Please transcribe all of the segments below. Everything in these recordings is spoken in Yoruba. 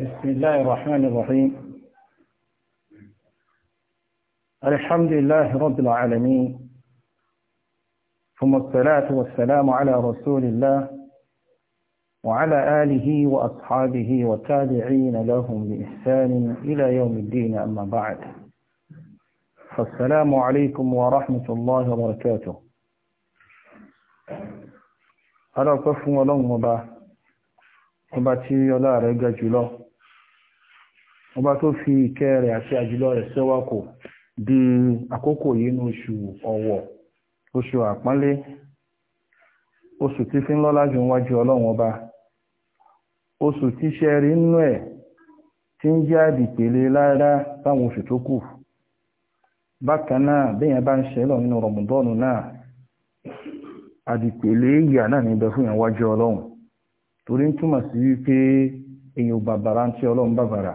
بسم الله الرحمن الرحيم الحمد لله رب العالمين ثم الصلاة والسلام على رسول الله وعلى آله وأصحابه وتابعين لهم بإحسان إلى يوم الدين أما بعد فالسلام عليكم ورحمة الله وبركاته ألا قفوا لهم وبا وبا تيولا رجا جلو ọba tó fi ìkẹ́ rẹ̀ àti àjùlọ rẹ̀ sẹ́wàkò di àkókò yìí ní oṣù ọ̀wọ̀ oṣù àpọ́nlé oṣù tí fi ń lọ́lá jù wájú ọlọ́run ọba oṣù tí ṣẹ́ rí nínú ẹ̀ tí ń jẹ́ àdìpele lára báwọn oṣù tó kù bákan náà bẹ́yàn bá ń ṣe lọ nínú rọmọdọ́ọ̀nù náà àdìpele ìyà náà níbẹ̀ fún ìyàn wájú ọlọ́run torí ń túmọ̀ sí wípé èèyàn bàbàrà ń tí ọlọ́run bàbàrà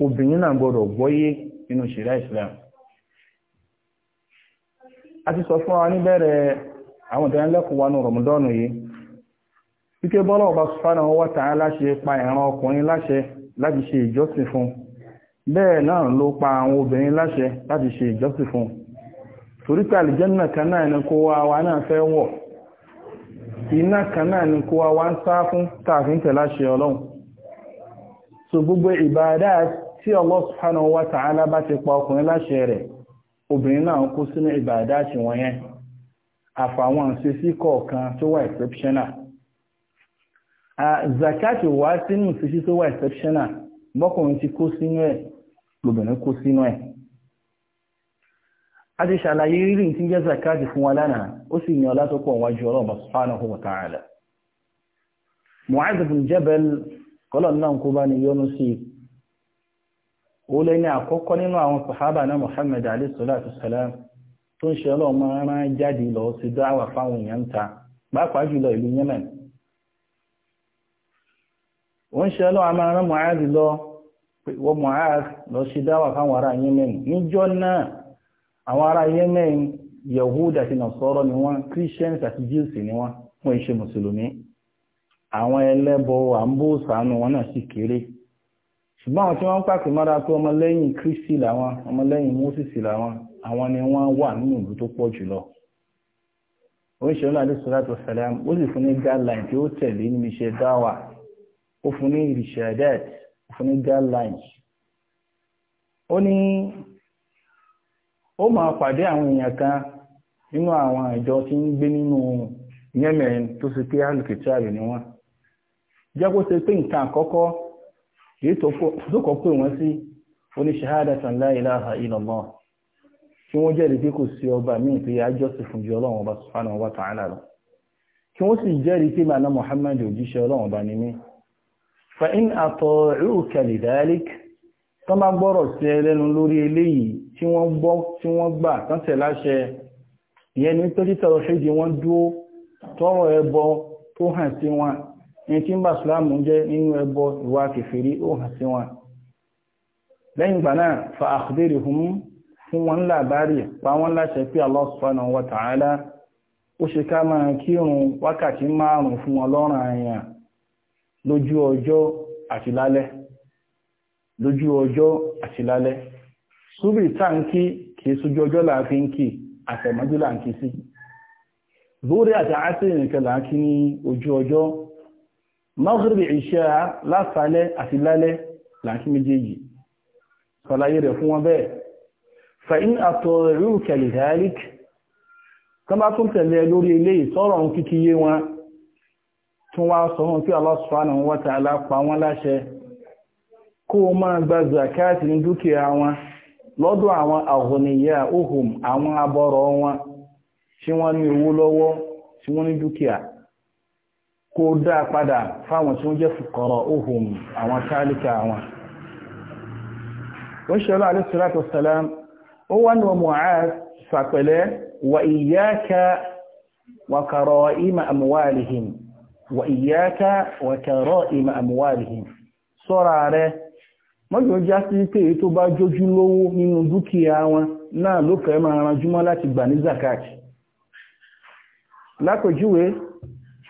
obìnrin náà gbọ́dọ̀ gbọ́yé nínú ṣẹ̀ríà Islam a ti sọ fún wa níbẹ̀rẹ̀ àwọn ìdánilẹ́kùn wa ní rọmọdọ́nù yìí wípé bọ́lá ọba láṣẹ pa ìran ọkùnrin láṣẹ láti ṣe ìjọsìn fún bẹ́ẹ̀ náà ló pa àwọn obìnrin láṣẹ láti ṣe ìjọsìn fún torí kan náà wa wa náà wọ̀ iná kan náà ni kó wa wa ń sá fún gbogbo ìbáadáa tí Allah subhanahu wa ta'ala bá ti pa ọkùnrin láṣẹ rẹ̀ obìnrin náà kú sínú ìbàdá àti wọn yẹn àfàwọn àṣesí kọ̀ọ̀kan tó wà exceptional zakati wá sínú ìṣesí tó wà exceptional bọ́kùnrin ti kó sínú ẹ̀ lóbìnrin kó sínú ẹ̀ a ti ṣàlàyé rírì tí jẹ́ fún wa lánàá ó sì ní ọlá tó pọ̀ wájú ọlọ́ọ̀bà bin náà kó bá ní ó lé ní àkọ́kọ́ nínú àwọn sàhábà náà Muhammad alayhi salatu salam tó ń ṣe ọlọ́run máa rán jáde lọ sí dáwà fáwọn èèyàn ń ta pàápàá jùlọ ìlú Yemen ó ń ṣe ọlọ́run máa rán Mu'az lọ wọ́n Mu'az lọ sí dáwà fáwọn ará Yemen níjọ́ náà àwọn ará Yemen Yahud àti Nasara ni wọ́n Christians àti Jews ni wọ́n wọ́n ṣe mùsùlùmí àwọn ẹlẹ́bọ àmbóòsánú wọn náà sì kéré ṣùgbọ́n àwọn tí wọ́n ń pàpè mára pé ọmọlẹ́yìn Kristi làwọn ọmọlẹ́yìn Moses làwọn àwọn ni wọ́n wà nínú ìlú tó pọ̀ jùlọ oríṣiríṣi ọ̀nà àdé tó sẹ̀lẹ̀ ó sì fún ní guideline tí ó tẹ̀lé níbi iṣẹ́ dáwà ó fún ní rishadet ó fún ní guidelines ó ní ó máa pàdé àwọn èyí tó kọ́ pé wọ́n sí oníṣẹ́hádàtàn la ilaha illallah kí wọ́n jẹ́rìí pé kò sí ọba míì pé ajọ́sìn fún ju ọlọ́run ọba subhanahu wa ta'ala lọ kí wọ́n sì jẹ́rìí pé màná Muhammad òjíṣẹ́ ọlọ́run ọba ni mí fa in ata'uka lidhalik tó máa gbọ́rọ̀ sí ẹlẹ́nu ìyẹn ni pé títọrọ ṣéjì wọ́n dúó tọrọ ẹbọ tó hàn sí wọn ẹni tí ń bá jẹ jẹ́ nínú ẹbọ ìwà kèfèrí ó hàn wọn lẹ́yìn ìgbà náà fa àkùdérè fún wọn lábárí pa wọn láṣẹ pé Allah subhanahu wa ó ṣe ká máa kírun wákàtí márùn fún wọn lọ́rùn àyàn lójú ọjọ́ àti lálẹ́ lójú ọjọ́ àti lálẹ́ súbì táǹkì kìí sójú ọjọ́ láàfin kì àtẹ̀mọ́jú láǹkì sí lórí àti nausiria isii a lasale a silale laansi mejeji salaye re funwa bee sa in a to ruru kele dalek kama tun tele lori ile itaora n kikiye wa tunwa su hun fi alasuwa na wata ala kwa awon laashe ko o ma gbazgbazgati ni dukiya won lodu awon ahuniya ohun awon aborawan won si won ni ruwo lowo si won ni dukiya kó dá padà fáwọn tí ó jẹ́ fùkọ̀rọ̀ ohun àwọn tálíkà àwọn ó ṣe ọlọ́ alẹ́sìláàtò salam ó wá ní ọmọ àṣàpẹ̀lẹ́ wà ìyáka wà kàrọ̀ ìmà àmúwàlìhìn wà ìyáka wà kàrọ̀ ìmà àmúwàlìhìn sọ́ra rẹ̀ mọ́jọ já sí pé èyí tó bá jójú lówó nínú dúkìá wọn náà ló máa ranjúmọ́ láti gbà ní zakat lápèjúwe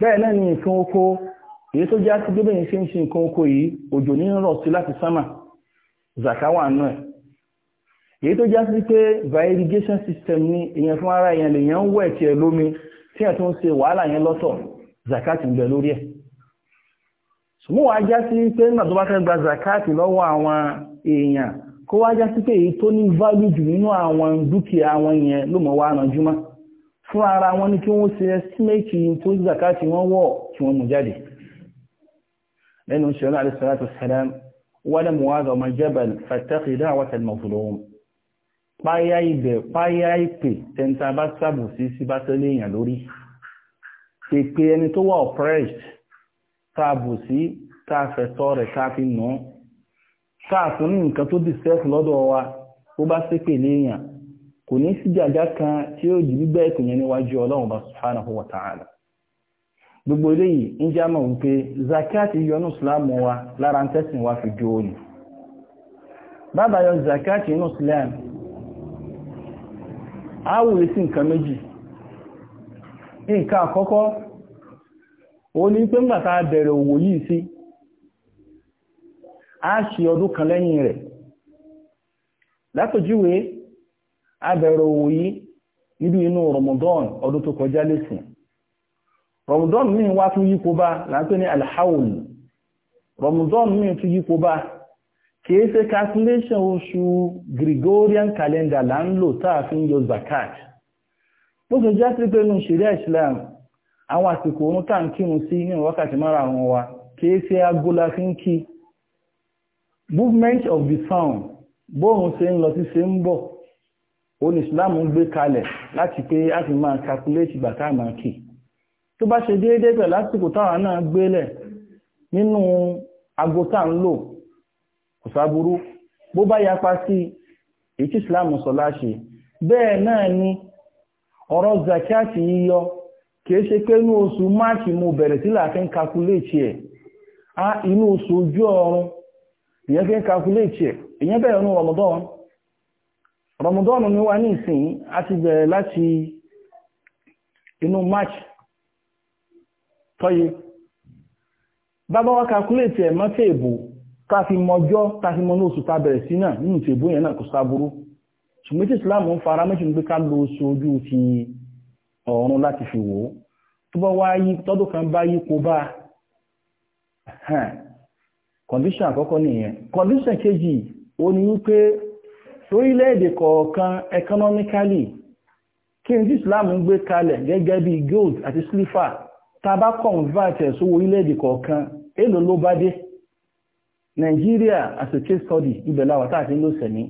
bẹ́ẹ̀ náà ni nǹkan oko èyí tó já sí gbé bẹ́yìn ṣe ń ṣe nǹkan oko yìí òjò ní rọ̀ sí láti sánmà zakawa náà èyí tó já sí pé by irrigation system ni èèyàn fún ara èèyàn lèèyàn ń wẹ̀ tiẹ̀ lómi tí ẹ̀ tó ń ṣe wàhálà yẹn lọ́tọ̀ zakati ń bẹ lórí ẹ̀ mú wá já sí pé nígbà tó bá fẹ́ gba zakati lọ́wọ́ àwọn èèyàn kó wá já sí pé èyí tó ní value jù nínú àwọn dúkìá wọn yẹn ló mọ̀ wá ranjúmọ́ fún ara wọn ní kí wọ́n ṣe ẹ́stímẹ́tì tó zakati wọ́n wọ̀ kí wọ́n mú jáde lẹ́nu ṣẹlẹ̀ alẹ́sàlátù sàlám wọ́n mú wá zọmọ jẹ́bẹ̀l fàtàkìdá àwọ̀tẹ̀ mọ̀fùlọ́wọ́n páyá ibẹ̀ páyá ìpè tẹnta bá sábù sí sí bá tẹ́lẹ̀ èèyàn lórí ṣe pé ẹni tó wà oppressed táàbù kò ní sí gàgá kan tí ó jù gbígbẹ́ ìpè níwájú ọlọ́run bá subhanahu wa ta'ala gbogbo eléyìí ń já mọ̀ wípé yọnú wa lára ń wa fi jó ni bàbá yọ zakati inú islam a wùlé sí nǹkan méjì nǹkan àkọ́kọ́ ní pé ńgbà tá bẹ̀rẹ̀ òwò yìí sí a abẹ̀rẹ̀ òwò yìí níbi inú Ramadan ọdún tó kọjá lẹ́sìn Ramadan míì wá tún yípo bá láńpẹ́ ní alhaul Ramadan míì tún yípo bá kìí ṣe calculation oṣù Gregorian calendar là ń lò fi ń yọ zakat bó ṣe sí pé nínú ṣẹ̀ríà Islam àwọn àsìkò oorun tá ń kírun sí nínú wákàtí wa kìí ṣe movement of the sound bóòrùn ṣe ń lọ sí ṣe ó ní ìsìláàmù ń gbé kalẹ̀ láti pé a fi máa kàkúléètì bàtà máa kì tó bá ṣe déédé pẹ̀ lásìkò táwọn náà gbélẹ̀ nínú aago ń lò kò sáburú bó bá yapa sí bẹ́ẹ̀ náà ni ọ̀rọ̀ zakiati yíyọ kìí ṣe pé inú oṣù mo bẹ̀rẹ̀ sí láti ń kàkúléètì ẹ̀ inú oṣù ojú ọrùn ìyẹn fi ń ẹ̀ ìyẹn bẹ̀rẹ̀ Ramadan ni wà ní ìsìn a ti bẹ̀rẹ̀ láti inú March tọ́yé bàbá wa calculate ẹ̀ mọ́ tèèbù ká fi mọjọ́ ká fi mọ́ ní oṣù tá bẹ̀rẹ̀ sí náà nínú tèèbù yẹn náà kò sáburú ṣùgbọ́n Islam ń fara méjì gbé ká lo oṣù ojú ti ọ̀run láti fi wò ó tó bá wá yí tọ́dún kan bá yí kó bá condition àkọ́kọ́ nìyẹn condition kejì ó ní wípé sórílẹ̀-èdè kọ̀ọ̀kan economically kí n tí islam ń gbé kalẹ̀ gẹ́gẹ́ bí gold àti silver tàbá convert ẹ̀ sówó orílẹ̀-èdè kọ̀ọ̀kan èlò ló bá dé Nigeria as a case study ibẹ̀ láwà tá àti ń lò sẹ̀mí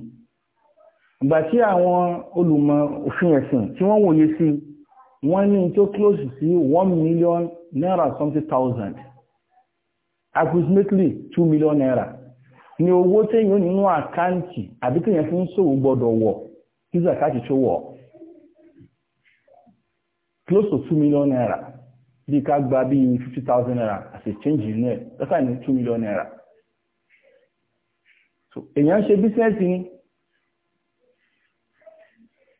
ìgbà tí àwọn olùmọ̀ òfin ẹ̀sìn tí wọ́n wòye sí wọ́n ní tó close sí one million naira something thousand approximately two million naira ni owó téèyàn nínú àkáǹtì àbí téèyàn fi ń ṣòwò gbọ́dọ̀ wọ̀ kí zakati tó wọ̀ close to two million naira bí ká gba bí fifty thousand naira as a change inú ẹ̀ lọ́sàn ní two million naira so èèyàn ń ṣe bísínẹ́sì ni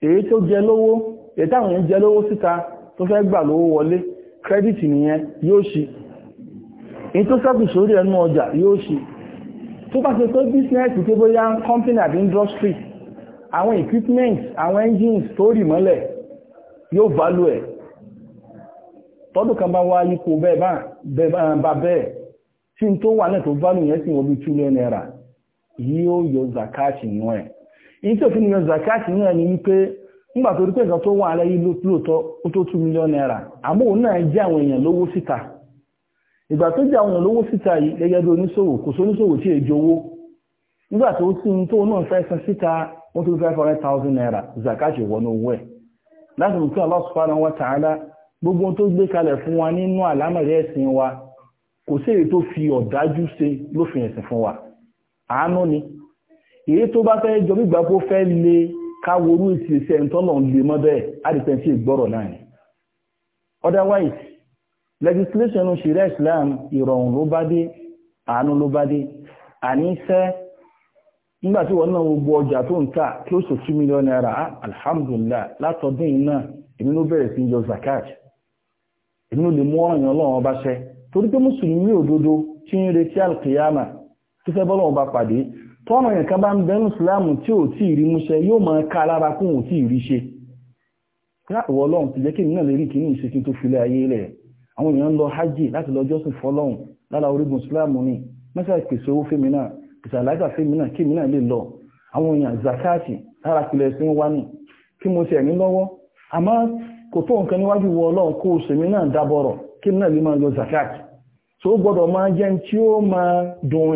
èyí tó jẹ lówó èyí táwọn èèyàn jẹ lówó síta tó fẹ́ gbà lówó wọlé kírẹ́dìtì nìyẹn yóò ṣí èyí tó sẹ́kù sórí ẹnu ọjà yóò tó bá ṣe pé bísínẹ́sì tó bóyá company àbí industry àwọn equipment àwọn engines tó rì mọ́lẹ̀ yóò ẹ̀ kan bá wá bẹ́ẹ̀ n tó wà náà tó yẹn wọ́n bí túlẹ̀ yọ inú ẹ̀ tó fi ní yọ inú ẹ̀ ni wípé nígbà tó rí pé tó wà lẹ́yìn lóòótọ́ ó ìgbà tó jẹ́ àwọn olówó síta yìí gẹ́gẹ́ bí oníṣòwò kò sóníṣòwò tí èjò owó nígbà tó sì ń tó náà fẹ́ san síta one two five hundred thousand naira zakati wọnú owó ẹ̀ láti mú kí Allah subhanahu wa ta'ala gbogbo tó gbé kalẹ̀ fún wa nínú àlámọ̀rẹ́ ẹ̀sìn wa kò sí èyí tó fi ọ̀dájú ṣe lófin ẹ̀sìn fún wa àánú ni èyí tó bá fẹ́ jọ gbígbà kó fẹ́ le káworú ìṣẹ̀ṣẹ̀ ń tọ́lọ̀ ń le mọ́ bẹ́ẹ̀ á dìpẹ́ sí ìgbọ́rọ̀ náà ni otherwise legislation ṣẹ̀ríà islam ìrọ̀rùn ló bá dé àánú ló bá dé àníṣẹ́ nígbàtí wọ́n náà gbogbo ọjà tó ń tà kí ó sọ 2 million naira ah, alhamdulillah látọdún iná èmi ló bẹ̀rẹ̀ sí yọ zakat èmi ló lè mú ọ̀ràn yàn lọ́wọ́ bá ṣẹ torí pé mùsùlùmí òdodo tí ń retí alkiyama tó fẹ́ bọ́lọ́wọ́ bá pàdé tọ́nà yẹn kan bá ń bẹ́nu ìsìláàmù tí ò tí ì rí múṣẹ yóò máa ká lára kún tí ì rí ṣe. ká ah, ọlọ́run ti jẹ́ kí èmi náà lè rí kíní ìṣe kí n tó filẹ̀ ayé rẹ̀ àwọn èèyàn lọ hajj láti lọ jọ́sìn fọ́lọ́hun lára orígun islam ni mẹ́sà pèsè owó fèmí náà pèsè àlágà fèmí náà kí lè lọ àwọn èèyàn zakati lára pilẹ̀ sí wá ní kí mo ṣe lọ́wọ́ kò tó nǹkan níwájú wọ ọlọ́run kó o náà dábọ̀rọ̀ kí náà lè máa lọ zakati tó gbọ́dọ̀ máa jẹ́ tí ó máa dùn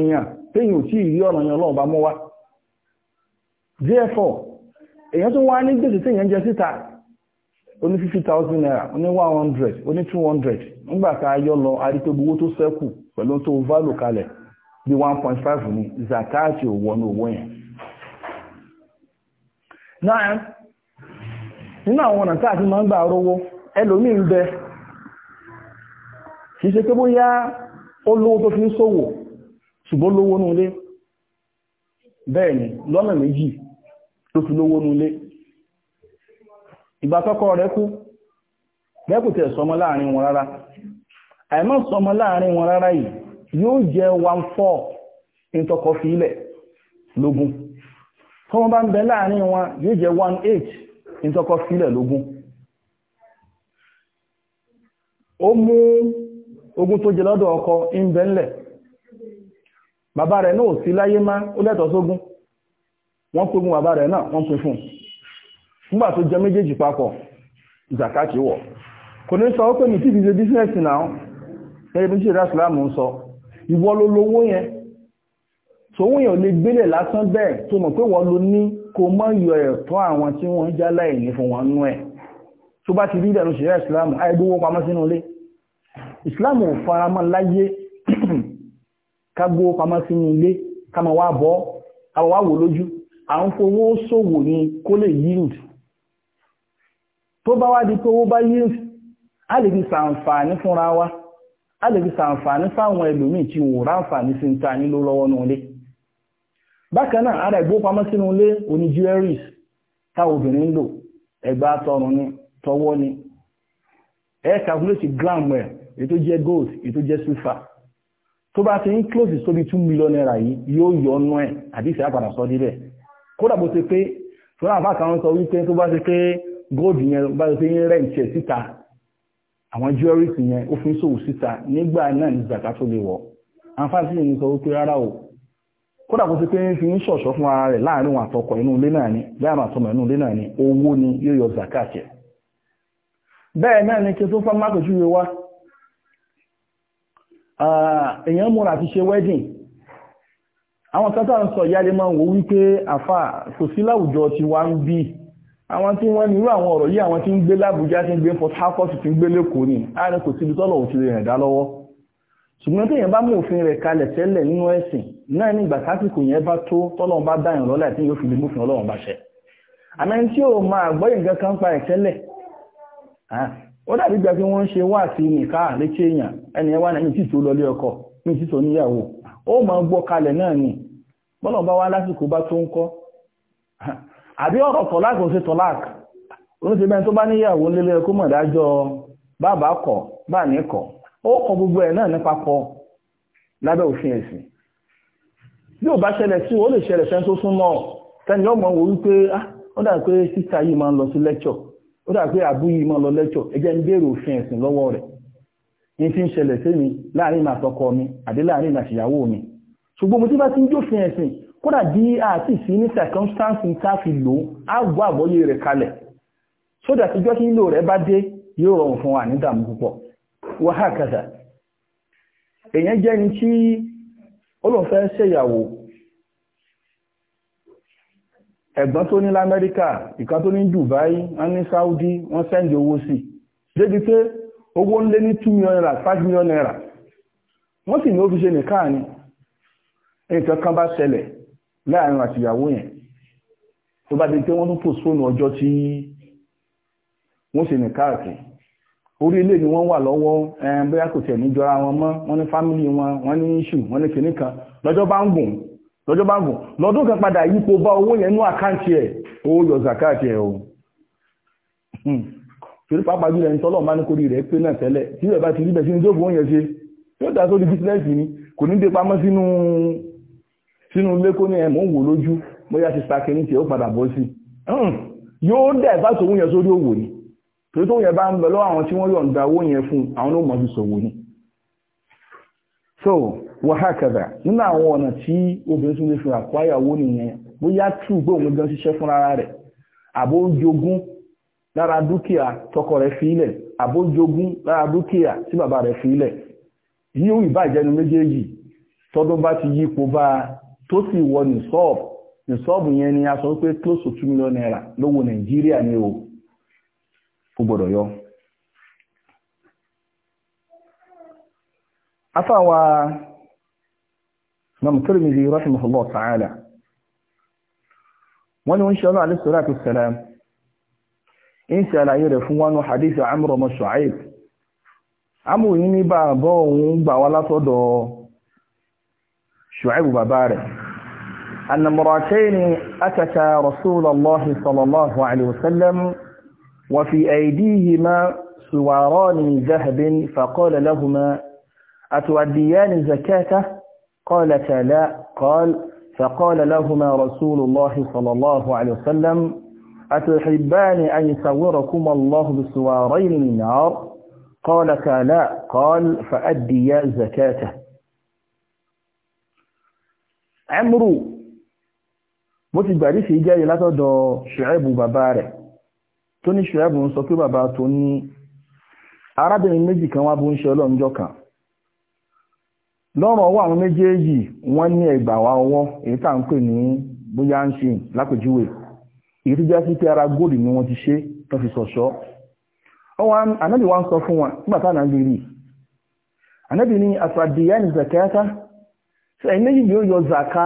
ò tí ì rí ọ̀nà yẹn ọlọ́run bá wá therefore èèyàn tó oní fifty thousand naira oní 100, hundred oní two hundred nígbà tá a yọ lọ arítógbó owó tó sẹ́kù pẹ̀lú tó válò kalẹ̀ bí one point five ní zakati ò wọnú owó yẹn. náà nínú àwọn ọ̀nà tá a ti máa ń gbà rówó ẹlòmíì ń bẹ kì í ṣe pé bóyá ó lówó tó fi ń ṣòwò ṣùgbọ́n lówó nulé bẹ́ẹ̀ ni lọ́nà méjì ló fi lówó nulé. ìgbà tọ́kọ rẹ̀ kú bẹ́kù sọmọ láàrin wọn rárá àìmọ́ sọmọ láàrin wọn rárá yìí yóò jẹ 1/4 ní fi ilẹ̀ lógún tọ́mọ bá ń bẹ wọn yóò jẹ́ 1/8 fi ilẹ̀ lógún ó mú ogun tó jẹ lọ́dọ̀ ọkọ ń bàbá rẹ̀ náà sí láyé má ó lẹ́tọ̀ọ́ sógún wọ́n bàbá rẹ̀ náà wọ́n fún nígbà tó jẹ méjèèjì papọ̀ zakati wọ̀ kò ní sọ pé mi ti fi ṣe bísínẹ́sì náà ẹgbẹ́ tí ìrẹ́ ìsìlámù ń sọ ìwọ ló lówó yẹn tòun yẹn ò lè gbélé lásán bẹ́ẹ̀ tó mọ̀ pé wọ́n lo ní kó mọ́ yọ ẹ̀tọ́ àwọn tí wọ́n ń já láìní fún wọn nú ẹ̀ tó bá ti rí ìdànù ṣẹ̀rẹ́ ìsìlámù àìgbówó pamọ́ sínú ilé ìsìlámù ò faramọ́ láyé ká gbówó pamọ́ sínú ilé ká máa wá bọ́ àwọn wá wò lójú à ń fowó ṣòwò ni kó lè tó bá wá di pé owó bá yí a lè fi sàǹfààní fúnra wa a lè fi sàǹfààní fáwọn ẹlòmíì tí wò ráǹfààní sí ń ta ní ló lọ́wọ́ nulé bákan náà ara ìgbópamọ́ sínú ilé oní jewelries táwọn obìnrin ń lò ẹ̀gbà tọrùn ni tọwọ́ ni ẹ calculate gram ẹ̀ ètò jẹ́ gold ètò jẹ́ silver tó bá ti ń close sóbi 2 million naira yìí yóò yọ ọ́nú ẹ̀ àdíṣẹ́ àpàdà sọ díbẹ̀ kódà bó ti pé fúnra àbá kan sọ wípé tó bá ti pé gold yẹn bá ṣe ń rẹ̀ ìṣẹ̀ síta àwọn jewelries yẹn ó fi ń ṣòwò síta nígbà náà ní zaka tó lè wọ̀ àǹfààní sì ní sọ wípé rárá o kódà kó ti pé fi ń ṣọ̀ṣọ́ fún ara rẹ̀ láàrin òun àtọkọ inú ilé náà ni láàrin àtọmọ inú ilé náà ni owó ni yóò yọ zaka jẹ bẹ́ẹ̀ náà ni kí tó fọ́n mákòjú rẹ̀ wá èèyàn múra àti ṣe wedding àwọn tátà ń sọ ìyá lè máa wò wípé àfà kò sí láwùjọ ti wá ń bíi àwọn tí wọ́n nírú àwọn ọ̀rọ̀ yìí àwọn tí ń gbé lábújá tí ń gbé Port Harcourt tí ń gbé lẹ́kọ̀ọ́ ni ààrẹ kò síbi tọ́lọ̀ òtún rẹ̀ dá lọ́wọ́ ṣùgbọ́n tí èèyàn bá mú òfin rẹ̀ kalẹ̀ tẹ́lẹ̀ nínú ẹ̀sìn náà nígbà tásìkò yẹn bá tó tọ́lọ́run bá dáyàn lọ́lá tí yóò fi lè mófin Ọlọ́run bá ṣẹ àmọ́ ẹni tí ò máa gbọ́ nǹkan kan pa ẹ̀ tẹ́lẹ̀ ó dàbí gba pé wọ́n ń ṣe wá sí nìka létí èèyàn ẹni ẹwà náà ní títò lọlé ọkọ ní títò níyàwó ó máa gbọ́ kalẹ̀ náà ni bọ́lọ̀ bá wá lásìkò bá tó ń kọ́ àbí ọ̀rọ̀ tọ́láàkì ò sí tọ́láàkì ó ti bẹ́ẹ̀ tó bá níyàwó nílé ẹkú mọ̀ dájọ́ bàbá kọ̀ bá ní kọ̀ ó kọ gbogbo ẹ̀ náà nípa kọ lábẹ́ òfin ẹ̀sìn bí ò bá ṣẹlẹ̀ sí ó lè ṣẹlẹ̀ sẹ́ni súnmọ́ tẹ́ni ọmọ wò wípé ah, ó dà pé yìí máa ń lọ sí lẹ́kṣọ̀ ó dà pé àbú yìí máa ń lọ ẹ jẹ́ ń mi láàrin mi àdé láàrin mi ṣùgbọ́n mo ti bá ti ń kódà bí àti ìsí ní circumstance ní káfí lò á gbọ́ àgbọ́yé rẹ̀ kalẹ̀ sódà tí jọ́ sí ìlò rẹ̀ bá dé yóò rọrùn fún wa ní dàmú púpọ̀ wàhákàtà èyàn jẹ́ ní tí olóòfẹ́ ṣèyàwó ẹ̀gbọ́n tó ní lamẹ́ríkà ìkan tó ní Dubai wọ́n ní Saudi wọ́n sẹ́ndì owó sí débi pé owó ń lé ní 2 million naira 5 million naira wọ́n sì ní ó fi ṣe nìkan ní nǹkan kan bá ṣẹlẹ̀ láàrin àtìyàwó yẹn tó bá di pé wọ́n tún postpone ọjọ́ tí wọ́n ṣe ní káàkiri orí ilé ni wọ́n wà lọ́wọ́ ẹn bóyá kò tẹ̀ níjọra wọn mọ́ wọ́n ní fámílì wọn wọ́n ní ṣù wọ́n ní kìíní kan lọ́jọ́ bá ń gùn lọ́jọ́ bá ń gùn lọ́dún kan padà yípo bá owó yẹn nú àkáǹtì ẹ̀ ó yọ zakat ẹ̀ o hmm. torí pàápàá jùlọ ẹni tọ́lọ̀ máa ní kórìí rẹ̀ pé náà tẹ́lẹ̀ tí ìrẹ̀ bá ti rí bẹ̀ sí jókòó yẹn ṣe yóò dá sórí bísínẹ́sì ni kò ní dé pamọ́ sínú sínú ilé kó ní ẹ̀mọ́ wò lójú bóyá ti sàkè ní tí ó padà bọ́ sí hmm. yóò dẹ̀ bá tòun yẹn sórí òwò ni torí tóun yẹn bá ń bẹ lọ́wọ́ àwọn tí wọ́n yọ̀ǹda owó yẹn fún àwọn ló mọ̀ sí sòwò ni so wàhákàdà nínú àwọn ọ̀nà tí obìnrin tún lè fi àkwáyà owó nìyẹn bóyá tù gbé òun gan ṣiṣẹ́ fún rárá rẹ̀ àbójogún lára dúkìá tọkọ rẹ̀ fi ilẹ̀ àbójogún lára dúkìá tí bàbá rẹ̀ fi ilẹ̀ yíò ìbàjẹ́nu méjèèjì tọdún bá ti yípo bá tó sì wọ nìsọ́ọ̀bù nìsọ́ọ̀bù yẹn ni a sọ pé close to two million naira lówó nàìjíríà ni o kò gbọ́dọ̀ yọ. afáwa mamtúrmìlì rahimahullah ta'ala wọ́n ni wọ́n ṣe ọlọ́ alayhi salatu wassalam in ṣe àlàyé rẹ̀ fún wọnú hadith amúrọ̀ mọ́ Shu'aib, amúrò ní bàbá òun gbà wá látọ̀dọ̀ bàbá أن امرأتين أتتا رسول الله صلى الله عليه وسلم وفي أيديهما سواران من ذهب فقال لهما أتؤديان زكاته قالتا لا قال فقال لهما رسول الله صلى الله عليه وسلم أتحبان أن يصوركم الله بسوارين من نار قالتا لا قال فأديا زكاته عمرو bó ti gbàrí sí jẹ́ látọ̀dọ̀ ṣùẹ́bù bàbá rẹ̀ tó ní ṣùẹ́bù ń sọ pé bàbá tó ní arábìnrin méjì kan wá bó ń ṣe ọlọ́njọ́ kan lọ́rọ̀ ọwọ́ àwọn méjèèjì wọ́n ní ẹgbà wá ọwọ́ èyí tá ń pè ní bóyá ń ṣe lápèjúwe èyí tó jẹ́ sí pé ara góòlù ni wọ́n ti ṣe tó fi sọ̀ṣọ́ anábì wa ń sọ fún wọn nígbà táwọn àgbè rí anábì ní àfàdìyàn zakata ṣe méjì yóò yọ zaka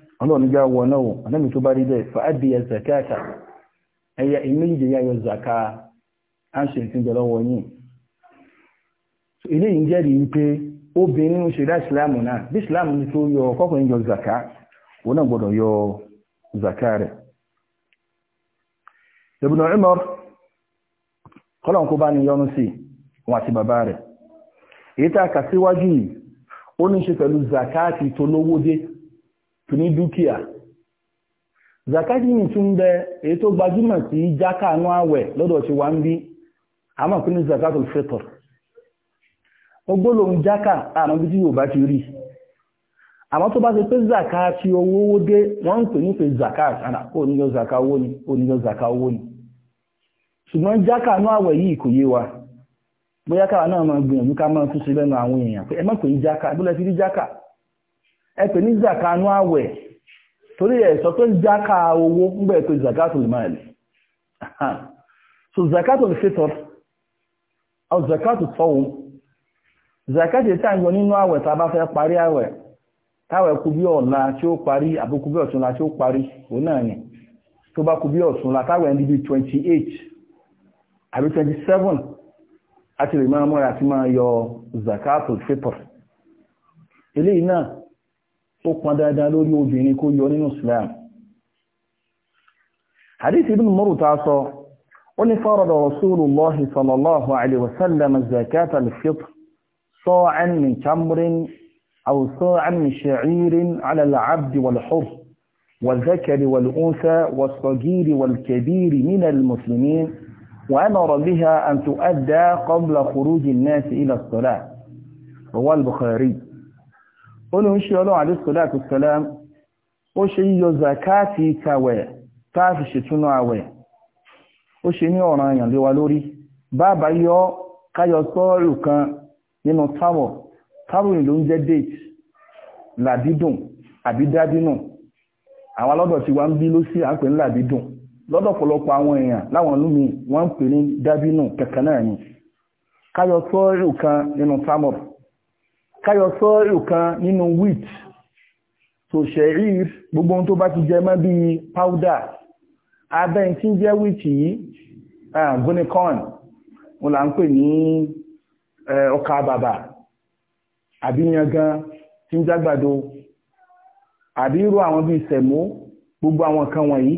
ọlọ́run já wọ náà wọ anábì tó bá rí bẹ́ẹ̀ fàábì ẹ̀ zakata ẹ̀yà ìméjì yá yọ zaka á ń ṣe ìtìjọ lọ́wọ́ yìí ilé yìí jẹ́rìí wípé obìnrin ń ìsìláàmù náà bí ìsìláàmù ni tó yọ kọ́kùnrin yọ zaka wọn náà gbọ́dọ̀ yọ zaka rẹ̀ Ibn Umar kọ́lọ̀n kó bá ní yọnu sí wọn àti bàbá rẹ̀ èyí tá a kà síwájú yìí ó ní ṣe pẹ̀lú zakati tó lówó dé ní dúkìá zakati ní tún bẹ èyí tó gbajúmọ̀ sí àwẹ̀ lọ́dọ̀ ti wá ń bí ogbólóhun bí tí yóò zaka ti owó owó dé wọ́n zaka àná zaka owó ni ó zaka owó ni ṣùgbọ́n jákà ní àwẹ̀ yìí kò yé wa bóyá káwa náà máa gbìyànjú ká máa tún ṣe lẹ́nu àwọn èèyàn pé ẹ má pè ní jákà bó ti rí ẹ pè ní zakanu àwẹ̀ torí ẹ̀ sọ pé zaka owó ń bẹ̀rẹ̀ pé zakatul mal so zakatul fitr ọ zakatul sawm zakati tá ń yọ nínú àwẹ̀ tá bá fẹ́ parí àwẹ̀ táwẹ̀ kù bí ọ̀la tí ó parí àbúkù bí ọ̀túnla tí ó parí òun náà ni tó bá kù bí ọ̀túnla táwẹ̀ ní bí 28 àbí 27 àti lè máa múra àti máa yọ zakatul fitr eléyìí náà ó pọn dandan lórí obìnrin kó yọ nínú islam hadith ibn murta sọ ó ní farada rasulullah sallallahu alaihi wasallam zakat al-fitr sa'an min tamrin aw sa'an min sha'irin ala al-'abd wal-hur والذكر والأنثى والصغير والكبير من المسلمين وأمر بها أن تؤدى قبل خروج الناس إلى الصلاة رواه البخاري ó ní ń ṣe ọlọ́run àdíṣọ́lá àti sọ́lá ó ṣe yíyọ zakati ìtawẹ̀ táàfi ṣètúnú àwẹ̀ ó ṣe ní ọ̀ràn èèyàn lé wa lórí bàbá yọ káyọ sọ́ọ̀rù kan nínú táwọ̀ táwọ̀ ìlú ń jẹ́ date làdídùn àbí dádínù àwọn alọ́dọ̀ tí wá ń bí ló sí à ń pè ní làdídùn lọ́dọ̀ àwọn èèyàn láwọn ìlú wọ́n ń pè ní dádínù kẹ̀kẹ́ náà ni káyọ sọ́ọ̀rù kan nínú táwọ̀ káyọ sọ́ọ̀rù kan nínú wheat so sherir gbogbo ohun tó bá ti jẹ mọ́ bí powder abẹ́ tí ń jẹ́ wheat yìí gunicon wọn là ń pè ní ọkà bàbà àbí yangan tí ń jágbàdo àbí irú àwọn bíi sẹ̀mó gbogbo àwọn kan wọ̀nyí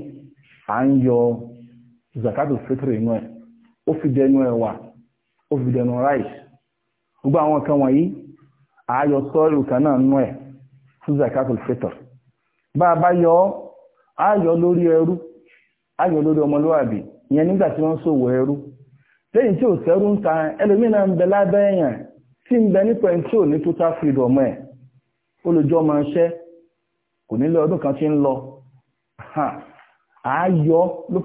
à ń yọ zakato fitri inú ẹ̀ ó fi dẹnu ẹ̀wà ó fi dẹnu rice gbogbo àwọn kan wọ̀nyí ààyọ sọ́ọ̀lù kan náà nú ẹ̀ fún zakatul fitr bá a bá yọ ọ́ lórí ẹrú ayọ lórí ọmọlúwàbí ìyẹn nígbà tí wọ́n ṣòwò ẹrú lẹ́yìn tí ò sẹ́rú ń ta ẹlòmínà ń bẹ lábẹ́ èèyàn tí ń bẹ freedom ẹ̀ olùjọ́ máa ń ṣẹ́ kò nílé ọdún kan tí ń lọ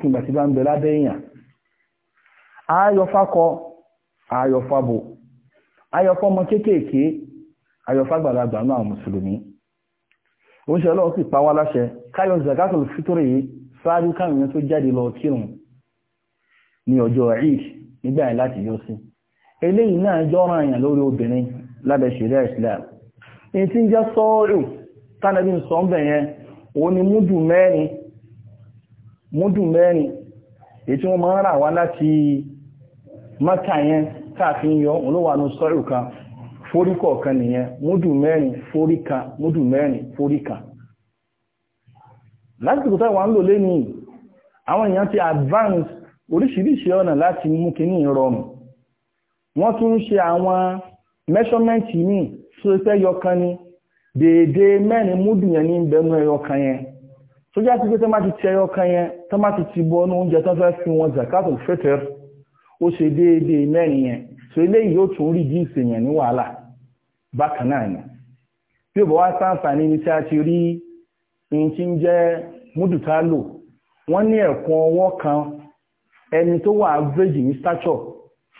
ìgbà tí bá ń bẹ lábẹ́ èèyàn ayọ̀fàgbàlagbà náà mùsùlùmí oúnjẹ ọlọ́run sì pa wá láṣẹ káyọ zakatul fitri yìí sáájú káwọn tó jáde lọ kírun ní ọjọ́ eid nígbà yẹn láti yọ sí eléyìí náà jọ́ra àyàn lórí obìnrin lábẹ́ ṣẹ̀ríà islam èyí tí ń jẹ́ sọ́ọ̀rù tánàbí ń sọ ń bẹ̀ yẹn òun ni múdù mẹ́rin múdù mẹ́rin èyí forí kọ̀ọ̀kan nìyẹn múdù mẹ́rin forí kan mẹ́rin forí kan lásìkò táwọn lò lé ní àwọn ti advance oríṣiríṣi ọ̀nà láti mú kí ní ìrọ̀rùn wọ́n tún ṣe àwọn measurement míì tó yọkan ni dèédé mẹ́rin múdù yẹn ní ẹyọkan yẹn tó já sí pé tán ti ti ẹyọkan yẹn ti ti bọ́ oúnjẹ fẹ́ fi wọn ó ṣe déédé mẹ́rin yẹn eléyìí yóò tún bákan náà ni tí ó bọ̀ wá sáǹfàní ní tí a ti rí in tí ń jẹ́ múdùtálò wọ́n ní ẹ̀kún ọwọ́ kan ẹni tó wà average ní stature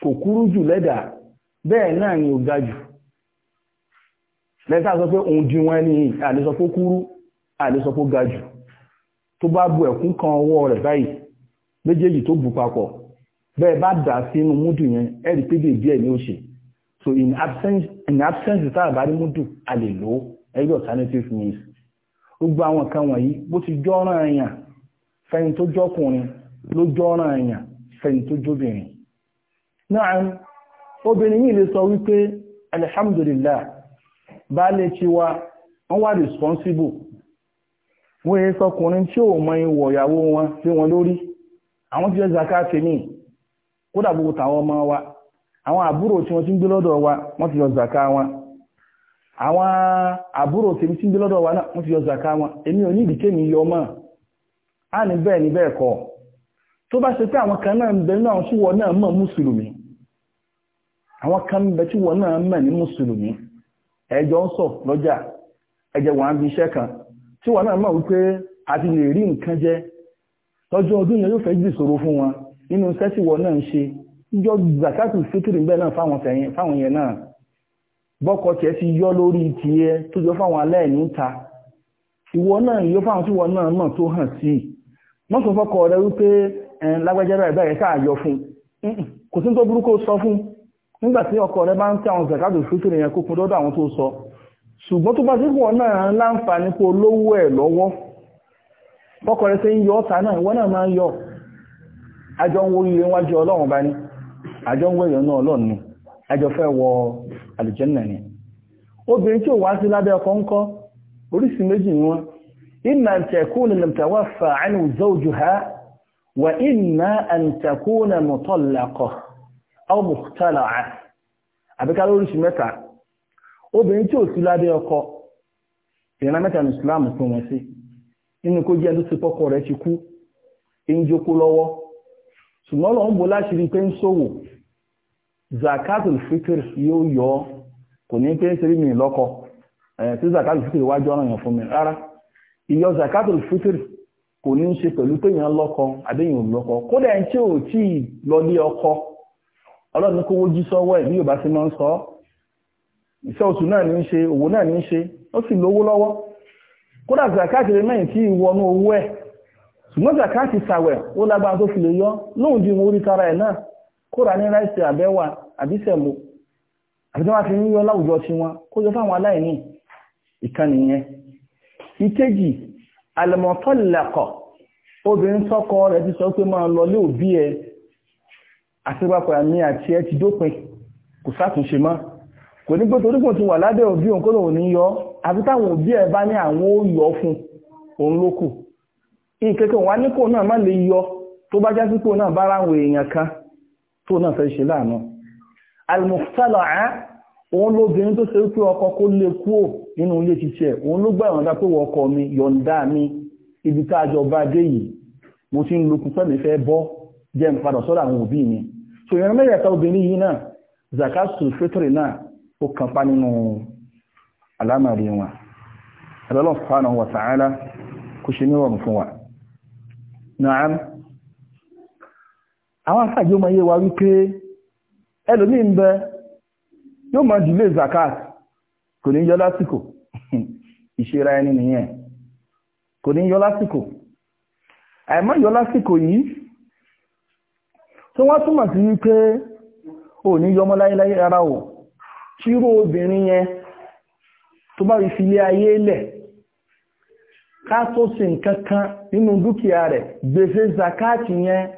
kò kúrú jù lẹ́dà bẹ́ẹ̀ náà ni ò ga jù lẹ́tà sọ pé òun di wọn ní àlesọ pé kúrú àlesọ pé ga jù tó bá bu ẹ̀kún kan ọwọ́ rẹ̀ báyìí méjèèjì tó bù papọ̀ bẹ́ẹ̀ bá dà sínú múdù yẹn ẹ̀rí pé bèbí ẹ̀ ní ó ṣe so in absence in absence tá àbárí múdù a lè lò ó ẹgbẹ́ alternative means gbogbo àwọn nǹkan wọ̀nyí bó ti jọ́ràn èèyàn fẹ́yìn tó jọ́kùnrin ló jọ́ràn èèyàn fẹ́yìn tó jóbìnrin náà obìnrin yìí lè sọ wípé alhamdulillah baálé ti wa wọ́n wà responsible wọ́n yẹ sọkùnrin tí ò mọ ìwọ̀ ìyàwó wọn sí wọn lórí àwọn ti jẹ́ zakat mi kódà gbogbo tàwọn ọmọ wa àwọn àbúrò tí wọ́n ti ń gbé lọ́dọ̀ wa wọ́n ti yọ zàká wọn àwọn àbúrò ti ń gbé lọ́dọ̀ wa náà wọ́n ti yọ zàká wọn èmi ò ní ìdíkẹ́ mi yọ mọ́ tó bá ṣe pé àwọn kan náà ń bẹ náà tí wọ́n náà mọ̀ mùsùlùmí àwọn kan ń bẹ tí wọ́n náà mọ̀ ní mùsùlùmí ẹjọ́ ń sọ lọ́jà ẹjẹ̀ kan tí wọ́n náà mọ̀ wípé a ti lè rí nǹkan jẹ lọ́jọ́ ọdún yẹn yóò fẹ́ fún wọn yọ zakatul fitri mbẹ náà fáwọn yẹn náà bọkọ tiẹ̀ ti yọ lórí tiẹ̀ tó yọ fáwọn aláìní ta ìwọ náà yọ fáwọn tí wọn náà náà tó hàn sí i wọ́n sọ fọ́kọ rẹ wípé lágbájára yẹn káà yọ fún kò sí sọ fún nígbà ọkọ rẹ bá ń tẹ àwọn yẹn kó kún sọ tó bá sí wọn náà láǹfààní kó lówó rẹ àjọ ń wẹ̀yọ̀ náà lọ́nà ni àjọ fẹ́ wọ àlùjẹ́nà ni obìnrin tí ó wá sí lábẹ́ ọkọ ń kọ́ oríṣìí méjì ni wọ́n inna an takuna lam tawaffa anhu zawjuha wa inna an takuna mutallaqa aw mukhtala'a àbíká mẹ́ta obìnrin tí ó sí lábẹ́ ọkọ ìrìnà mẹ́ta ní islam fún wọn sí inú kó jẹ́ ẹni pọ́kọ rẹ̀ ti kú ṣùgbọ́n lọ́wọ́ ń bo láṣìírí pé ń ṣòwò zakatul fitr yóò yọ kò ní pé ṣe rí mi lọ́kọ tí zakatul fitr wájú ọ̀ràn yàn fún mi rárá ìyọ zakatul fitr kò ní ṣe pẹ̀lú pé yàn lọ́kọ àbẹ́yìn lọ́kọ kódà ẹni tí ò tí ì lọ ní ọkọ ọlọ́run kó wójú sọ́wọ́ ẹ̀ bí yóò bá ṣe máa ń sọ iṣẹ́ oṣù náà ní í ṣe òwò náà ní ṣe ó sì lówó lọ́wọ́ kódà zakati rẹ̀ mẹ́yìn tí ìwọnú owó ẹ̀ ṣùgbọ́n zakati sàwẹ̀ ó lágbára tó fi lè yọ lóhun di orí tara ẹ̀ náà kóra ní ráìsì àbẹ́wà àbísẹ̀mú àbí tó wá fi ń yọ láwùjọ tí wọn kó yọ fáwọn aláìní ìkan nìyẹn ìkejì alẹ́mọ̀tọ́lẹ̀kọ̀ obìnrin sọ́kọ rẹ̀ ti sọ pé máa lọ lé òbí ẹ àtìpapọ̀ àmì àti ẹ ti dópin kò sátúnṣe mọ́ kò ní gbé torípò ti wà lábẹ́ òbí òun kó lòun ní yọ àbí táwọn òbí ẹ bá tó náà fẹ́ ṣe láàánú almuftala'a òun lóbìnrin tó ṣe wípé ọkọ kó lè kúò nínú ilé títí ẹ̀ òun ló gbà ìrànlá pé wọ́n ọkọ mi yọ̀ǹda mi ibi tá a jọ bá dé yìí mo ti ń lo kúpẹ́ mi fẹ́ bọ́ jẹ́ padà sọ́dọ̀ àwọn òbí na'am àwọn àṣàjò máa yé wa wípé ẹlòmíì ń bẹ yóò máa dìlé zakat kò ní yọ lásìkò ìṣera ẹni nìyẹn kò ní yọ lásìkò àìmọ́ yọ lásìkò yìí tó wá túmọ̀ sí wípé ò ní yọmọ láyéláyé ara ò ṣírò obìnrin yẹn tó bá rí filé ayé lẹ̀ ká tó sí nǹkan kan nínú dúkìá zakat yẹn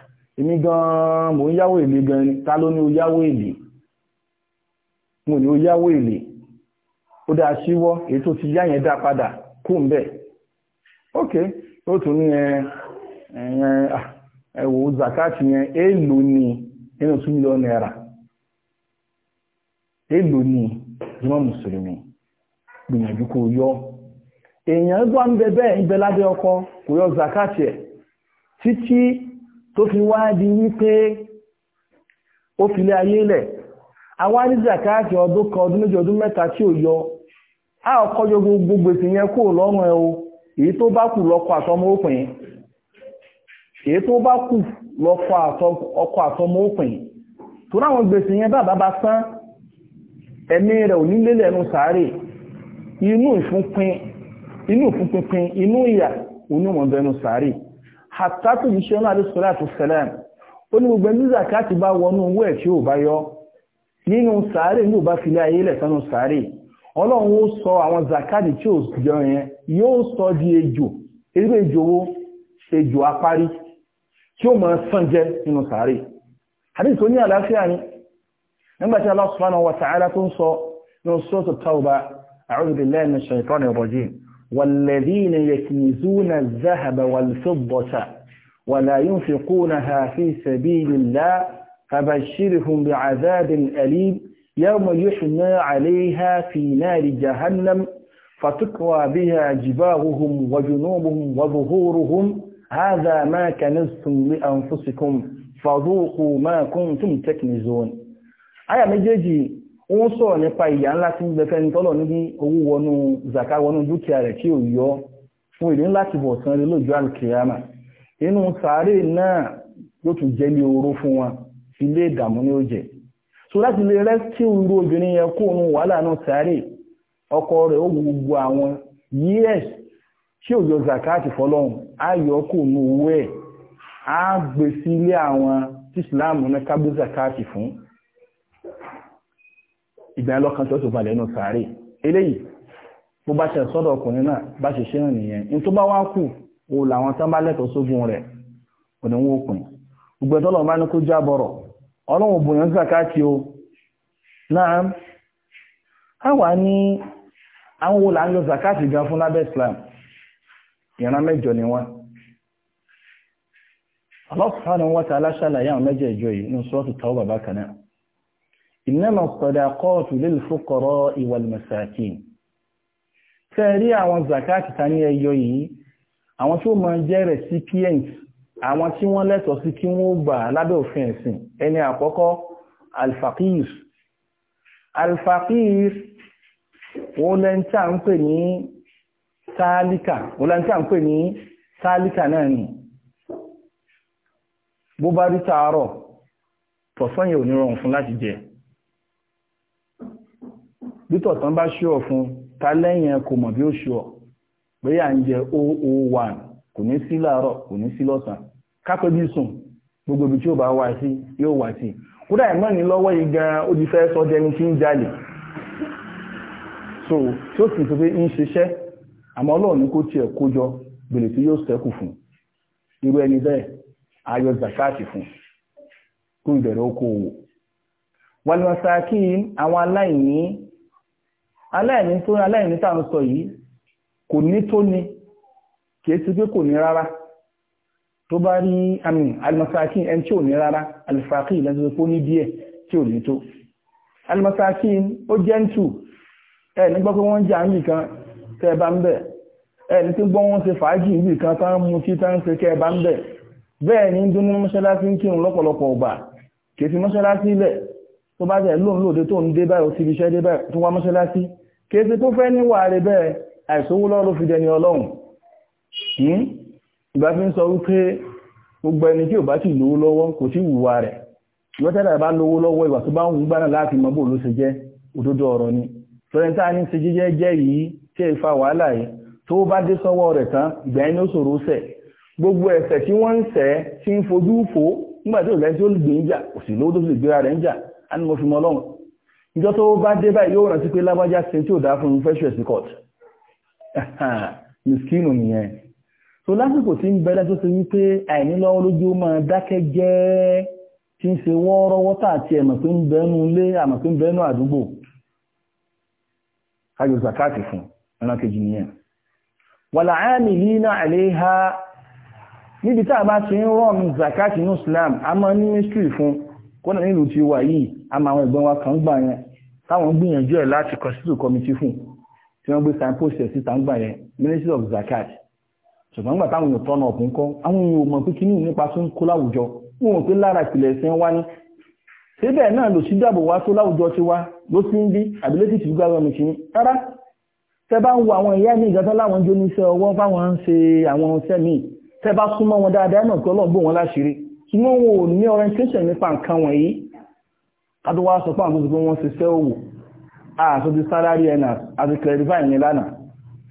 èmi gan-an mò ń yáwó èlé gan ni ta ló ní o yáwó èlé ní o èlé ó ti yá yẹn dá padà kú ń bẹ̀ ok ó tún ní ẹwò zakati yẹn èèlò ni nínú two million naira èèlò ni ìmọ̀ mùsùlùmí gbìyànjú kò yọ èèyàn gbọ́ ń bẹ bẹ́ẹ̀ ń ọkọ kò yọ zakati ẹ̀ títí tó fi wá di wípé ó filé ayé lẹ̀ àwọn àríjàkáàkì ọdún kan ọdún méjì ọdún mẹ́ta tí ò yọ a ọkọ̀ yọ gbogbo gbèsè yẹn kúrò lọ́rùn ẹ o èyí tó bá kù lọ́kọ àtọmọ òpin èyí tó bá kù lọ́kọ àtọmọ òpin tó ráwọn gbèsè yẹn bàbá bá sán ẹ̀mí rẹ̀ ò nílé lẹ́nu sàárè inú ìfúnpin inú ìfúnpinpin inú ìyà oníwọ̀n bẹnu sàárè hàtàtù ní ṣe ọlọ́dún sọ́láàtù sẹ́lẹ̀m ó ní gbogbo ẹni zakati bá wọnú owó ẹ̀ tí ó bá yọ nínú sàárè ní òbá filẹ̀ ayé lẹ̀ sánú sàárè ọlọ́run ó sọ àwọn zakati tí ó jọ yẹn yóò sọ di ejò eré ejò wo ejò apárí tí ó máa sàn jẹ nínú sàárè hadith tó ní àlàáfíà ni nígbàtí Allah subhanahu wa ta'ala tó ń sọ nínú sọ́tọ̀ tauba a'udhu billahi minash shaitani rajim والذين يكنزون الذهب والفضة ولا ينفقونها في سبيل الله فبشرهم بعذاب أليم يوم يحمى عليها في نار جهنم فتكوى بها جباههم وجنوبهم وظهورهم هذا ما كنزتم لأنفسكم فذوقوا ما كنتم تكنزون آية مجيجي wọ́n sọ̀rọ̀ nípa ìyà ńlá tí ń bẹ fẹ́ni tọ́lọ̀ níbi owó wọnú zaka wọnú dúkìá rẹ̀ tí ò yọ fún ìdí láti bọ̀ tán lé lójú alkiyama inú sàárè náà yóò tún jẹ́ lé oró fún wọn fi lé ìdààmú ní ó jẹ so láti lè rẹ́ tí irú obìnrin yẹn kó òun wàhálà náà sàárè ọkọ rẹ̀ ó gbogbo àwọn yíẹs tí ò zaka àti fọlọ́hún á yọ kó òun owó ẹ̀ á gbé ilé àwọn tí Islam ní kábíyèsà káàkiri fún ìgbà ẹlọ́kan tó tó balẹ̀ nù sàárè eléyìí bó bá ṣe sọ́dọ̀ ọkùnrin náà bá ṣe ṣe hàn nìyẹn ní tó bá wá kù o làwọn tán bá lẹ́tọ̀ọ́ sógun rẹ̀ òní wọn òkùn gbogbo o náà a wà ní àwọn wo là ń yọ zakati gan fún lábẹ́ Islam ìran mẹ́jọ ni wọ́n àwọn mẹ́jọ ìjọ yìí ní إنما الصداقات للفقراء والمساكين tẹ́rí àwọn zakati ta ní ẹyọ yìí àwọn tí ó máa jẹ́ recipient àwọn tí wọ́n lẹ́tọ̀ọ́ sí kí wọ́n gbà lábẹ́ òfin ẹ̀sìn ẹni àkọ́kọ́ alfaqir alfaqir wọ́lẹ́ntà ń pè ní tálíkà náà ni bó bá rí tààrọ̀ tọ̀sán yẹ̀ ò fún láti jẹ bítọ̀ tán bá ṣíọ̀ fún ta lẹ́yìn kò mọ̀ bí ó ṣíọ̀ bóyá ń jẹ 001 kò ní sí láàárọ̀ kò ní sí lọ́sàn kápẹ́ bí sùn gbogbo ibi tí ó bá wá sí yóò wá sí kódà ìmọ̀ ní lọ́wọ́ yìí gan ó ti fẹ́ sọ dẹni tí ń jalè so tí ó sì fi ń ṣiṣẹ́ àmọ́ ọlọ́run ní kó tiẹ̀ kójọ gbèlè tí yóò sẹ́kù fún irú ẹni bẹ́ẹ̀ ayọ̀ zakati fún kó ìbẹ̀rẹ̀ okòwò wàlúwàsákì àwọn aláìní aláìní tó ní aláìní tá à ń sọ yìí kò ní tó ní kìí ti pé kò ní rárá tó bá rí àmì alimasakin ẹni tí ò ní rárá alifaki ìlẹ́sọ̀ tó ní díẹ̀ tí ò ní tó alimasakin ó jẹ́ntù ẹ̀ nígbà pé wọ́n jà ń nìkan tẹ́ ẹ bá ń bẹ̀ ẹni tí gbọ́n wọn ṣe fàájì ìlú kan tán mú sí tán ṣe kẹ́ ẹ bá ń bẹ̀ bẹ́ẹ̀ ni dúnú mọ́ṣáláṣí ń kírun lọ́pọ̀lọpọ̀ ọgbà kìí fi mọ́ṣáláṣí lẹ̀ tó bá jẹ́ lóun lòdì tó ń dé báyìí ó ti fi iṣẹ́ dé báyìí tó wá mọ́ṣáláṣí kesi tó fẹ́ níwà rẹ̀ bẹ́ẹ̀ àìsówó lọ́rọ̀ fi dẹni ọlọ́run hmm? ìgbà fi ń sọ wípé gbogbo ẹni tí ò bá sì lówó lọ́wọ́ kò sí wùwà rẹ̀ ìwọ́tẹ́lẹ̀ bá lówó lọ́wọ́ ìwà tó bá ń gbára láti mọ bó ló ṣe jẹ́ òdodo ọ̀rọ̀ ni florentine ní ṣe jíjẹ́ jẹ́ yìí tí wàhálà yìí tó bá dé sọ́wọ́ rẹ̀ tán ó ṣòro sẹ̀ gbogbo tí wọ́n ń ń fojú ìjọ tó bá dé báyìí yóò rántí pé lábájá ṣe tí ó dá fún fresh court miskinu so lásìkò tí ń bẹ́lẹ́ tó ṣe wípé àìnílọ́wọ́ lójú ó máa dákẹ́ jẹ́ tí ń ṣe wọ́ọ́rọ́wọ́ tà ẹ̀mọ̀ tó ń àmọ̀ tó ń àdúgbò kájọ zakati fún ẹran kejì nìyẹn yìí ti ń rọ̀ zakati a máa fún kọ́nà nílùú ti wà yìí a máa àwọn ìgbọ́n wa kan gbà yẹn táwọn gbìyànjú ẹ̀ láti constitute committee fún tí wọ́n gbé sign post ẹ̀ síta ń gbà yẹn ministry of zakat ṣùgbọ́n gbà táwọn èèyàn tọ́nà ọ̀pọ̀ ńkọ́ àwọn èèyàn mọ̀ pé kíní nípa tó ń kó láwùjọ wọn ò pé lára ìpìlẹ̀ ẹ̀sìn wá ní síbẹ̀ náà lò sí dáàbò wá tó láwùjọ ti wá ló ti ń bí àbílẹ́tì ti gbá wọn mìtì ní rárá tẹ bá ń wo àwọn ìyá ní ìgbà tán láwọn jó níṣẹ́ ọwọ́ fáwọn ń ṣe àwọn iṣẹ́ míì tẹ bá súnmọ́ wọn dáadáa náà kí ọlọ́gbọ́n wọn láṣìírí ṣùgbọ́n wọn ò ní orientation nípa nǹkan wọ̀nyí adúwá sọ fún àkóso pé wọ́n ṣiṣẹ́ òwò àṣọ́dí salary earners àti clarify yẹn lánàá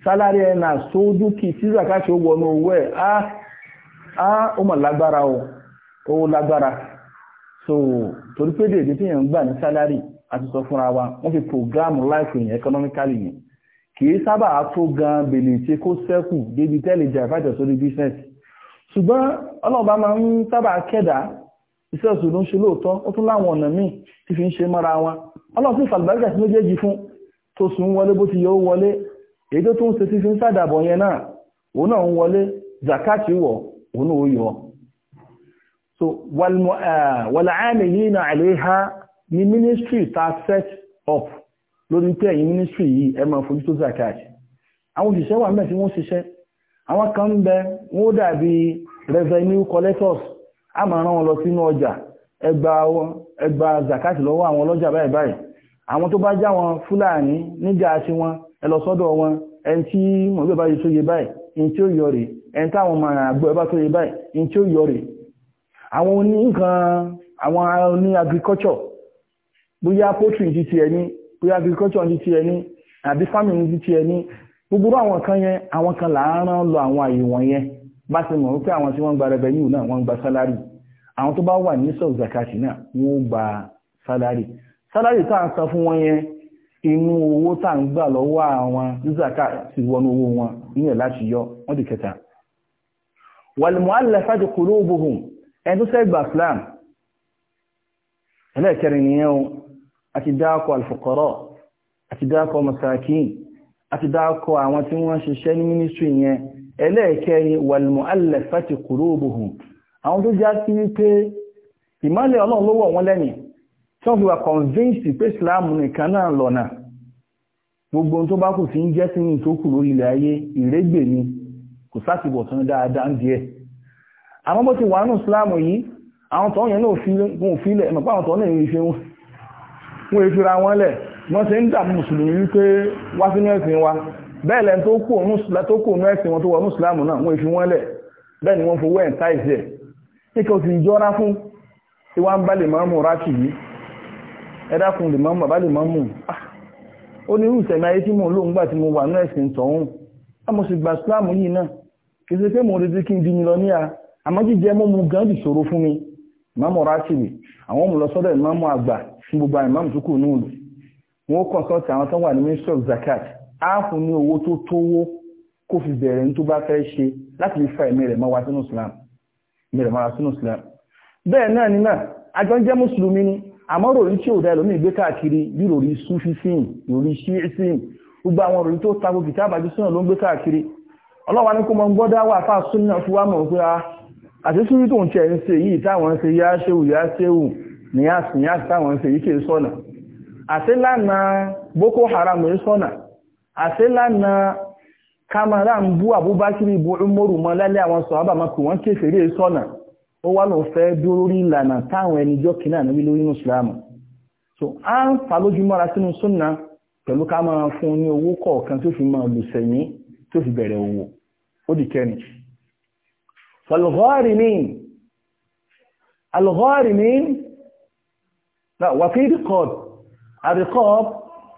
salary earners tó dúkì tí zakaṣe wọnú owó ẹ̀ á ó mọ̀ lágbára o ó lágbára so torí pé dèdè tí èèyàn ń gbà ní salary àti sọ fúnra wa wọ́n fi program life yẹn economically yẹn kì í sábà tó gan bèlè ṣe kó sẹ́kù débi tẹ́lẹ̀ jẹ́ àfájọ sórí business ṣùgbọ́n ọlọ́ọ̀bá máa ń sábà kẹ́dà iṣẹ́ òṣèlú ń ṣe lóòótọ́ ó tún láwọn ọ̀nà míì tí fi ń ṣe mọ́ra wọn ọlọ́ọ̀ sì fàlùbáríkà sí méjèèjì fún tó sùn ń wọlé bó ti yọ ó wọlé èyí tó tún ń ṣe tí fi ń sàdàbọ̀ yẹn náà òun náà ń wọlé zakati wọ̀ òun náà ó yọ so wàlàáàmì yìí náà àléhà ní ministry ta set up lórí pé ẹ̀yìn ministry yìí ẹ máa fojú tó zakati àwọn òṣìṣẹ́ wà mẹ́ẹ̀ tí wọ́n ṣiṣẹ́ àwọn kan ń bẹ wọ́n dàbí revenue collectors a máa rán wọn lọ sínú ọjà ẹgbà zakati lọ́wọ́ àwọn ọlọ́jà báyìí báyìí àwọn tó bá já wọn fúlàní níjà aṣí wọn ẹ lọ sọ́dọ̀ wọn ẹni tí wọ́n gbé báyìí tó yẹ báyìí in tí ó yọ rè ẹni táwọn ọmọ àgbọ̀ ẹ bá tó yẹ báyìí in tí ó yọ rè àwọn oní nǹkan àwọn oní agriculture bóyá poultry ti tiẹ̀ ní bóyá agriculture ti tiẹ̀ ní àbí farming ti tiẹ̀ ní gbogbo àwọn kan yẹn àwọn kan là ń rán lọ àwọn àyè wọ̀nyẹn bá ti mọ̀ wípé àwọn tí wọ́n gba revenue náà wọ́n gba salary àwọn tó bá wà ní sọ̀rọ̀ zakati náà wọ́n gba salary salary tá à ń san fún wọn yẹn inú owó tá à ń gbà lọ́wọ́ àwọn zakati wọnú owó wọn níyẹn láti yọ wọ́n di kẹta wal mu'allafati qulubuhum ẹni tó sẹ́ gbà Islam ẹlẹ́ẹ̀kẹrin nìyẹn àti dáàkọ al àti dáàkọ masakin àti dáàkọ àwọn tí wọ́n ṣiṣẹ́ ní mínísírì yẹn ele wal-mu'allafati qulubuhum àwọn tó já sí wípé ìmọ́lẹ̀ ọlọ́run ló wọ̀ wọ́n lẹ́yìn tí wọ́n fi wà convinced pé ìsìláàmù nìkan náà lọ́nà gbogbo tó bá kù sí ń jẹ́ sínú tó kù lórí ilẹ̀ ayé ìrégbè ni kò sátìbọ̀ tán dáadáa ń díẹ̀ bó ti wà yìí àwọn yẹn náà bẹ́ẹ̀ lẹ́n tó kù nú ẹ̀sìn wọn tó wọ mùsùlámù náà wọ́n fi wọ́n lẹ̀ bẹ́ẹ̀ ni wọ́n fowó ẹ̀ táìsì ẹ̀ níkà òsì ìjọra fún tí wọ́n bá lè máa mú rákì yìí ẹ̀dákun lè máa mú bàbá lè máa mú ah! ó ní irú ìsẹ̀mí ayé tí mò ń lò ńgbà tí mo wà nú ẹ̀sìn tọ̀hún á ah, mo sì gba ìsìlámù yìí náà kì mo retí kí n di mílíọ̀nìyà àmọ́ jíjẹ mọ́ mu gan ìṣòro fún mi ìmáàmù rákìrì àwọn ọmọ lọ́sọ́dọ̀ ìmáàmù àgbà fún gbogbo àìmáàmù tó kù wà ní ministry zakat á ní owó tó tówó kó fi bẹ̀rẹ̀ tó bá fẹ́ fa rẹ̀ sínú Islam bẹ́ẹ̀ náà nínà mùsùlùmí ni àmọ́ ròrí tí ò dá ẹlòmíì gbé káàkiri bí ròrí súfí sín rí ṣíì sín gbogbo àwọn ròrí tó tako kìtà àbájú súnà ló ń gbé káàkiri ọlọ́wà ní kó mọ gbọ́dá wà fà fún mọ̀ a ah, àti súnà tó ń tẹ̀ ń yìí táwọn yá yá yá táwọn yìí àti lánàá Boko Haram àṣẹ́lànà kamara ń bú àbúbákiri ìbò ìmòrù mọ́ lálẹ́ àwọn sọ àbàmọ́ kò wọ́n kéfèrè sọ́nà ó wá lọ fẹ́ dúró rí ìlànà táwọn ẹni jọ́ kìnnà níbi lórí inú ìsìlámù so a ń fa lójú mọ́ra sínú súnà pẹ̀lú ká máa fún ní owó kọ̀ọ̀kan tó fi máa lù sẹ̀mí tó fi bẹ̀rẹ̀ owó ó di kẹ́ni falgharimin algharimin wà fi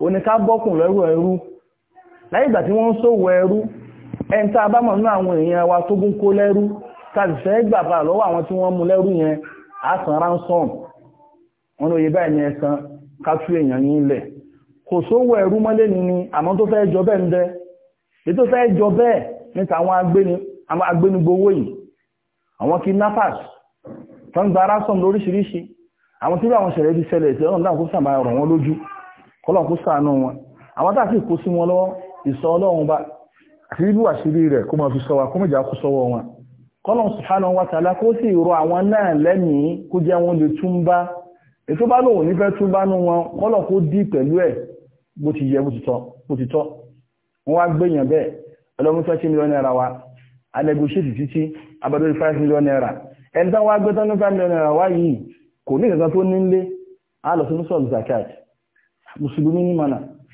lọ́rùn ẹrú láyé ìgbà tí wọ́n ń ṣòwò ẹrú ẹni tá a bá mọ̀ nínú àwọn èèyàn wa tó gún kó lẹ́rú tàbí fẹ́ gbà bá lọ́wọ́ àwọn tí wọ́n mú lẹ́rú yẹn á san ransom wọn lóye báyìí ní ẹ̀san èèyàn yín lẹ̀ kò sówó ẹrú mọ́lé ni ni àmọ́ tó fẹ́ jọ bẹ́ẹ̀ ń bẹ́ èyí tó fẹ́ jọ bẹ́ẹ̀ ní tàwọn agbénigbowó yìí àwọn kidnappers tó ń gba ransom lóríṣiríṣi àwọn tí àwọn ṣẹlẹ̀ ti ṣẹlẹ̀ ìṣẹ́ ọ̀nà kó sàmà ọ̀rọ̀ wọn lójú kọ́lọ̀ kó sàánú wọn àwọn tá a sì kó sí wọn lọ́wọ́ ìsọ ọlọ́run bá àti bíbú àṣírí rẹ̀ kó máa fi sọ wa kó mọ̀já kó sọ́wọ́ wọn kọ́lọ̀ subhanahu wa ta'ala kó sì rọ àwọn náà lẹ́mìí kó jẹ́ wọn lè túnbá ètò bá lòun nífẹ́ túnbá nú wọn kọ́lọ̀ kó dí pẹ̀lú ẹ̀ bó ti yẹ bó ti tọ́ wọ́n wá gbéyàn bẹ́ẹ̀ ọlọ́run fẹ́ sí mílíọ̀n náírà wa anẹ́gùsíìtì títí abẹ́lórí five million naira ẹni tán wá gbé tán five million naira wá yìí kò ní ìkankan tó nílé á lọ sí zakat mùsùlùmí ní mọ̀nà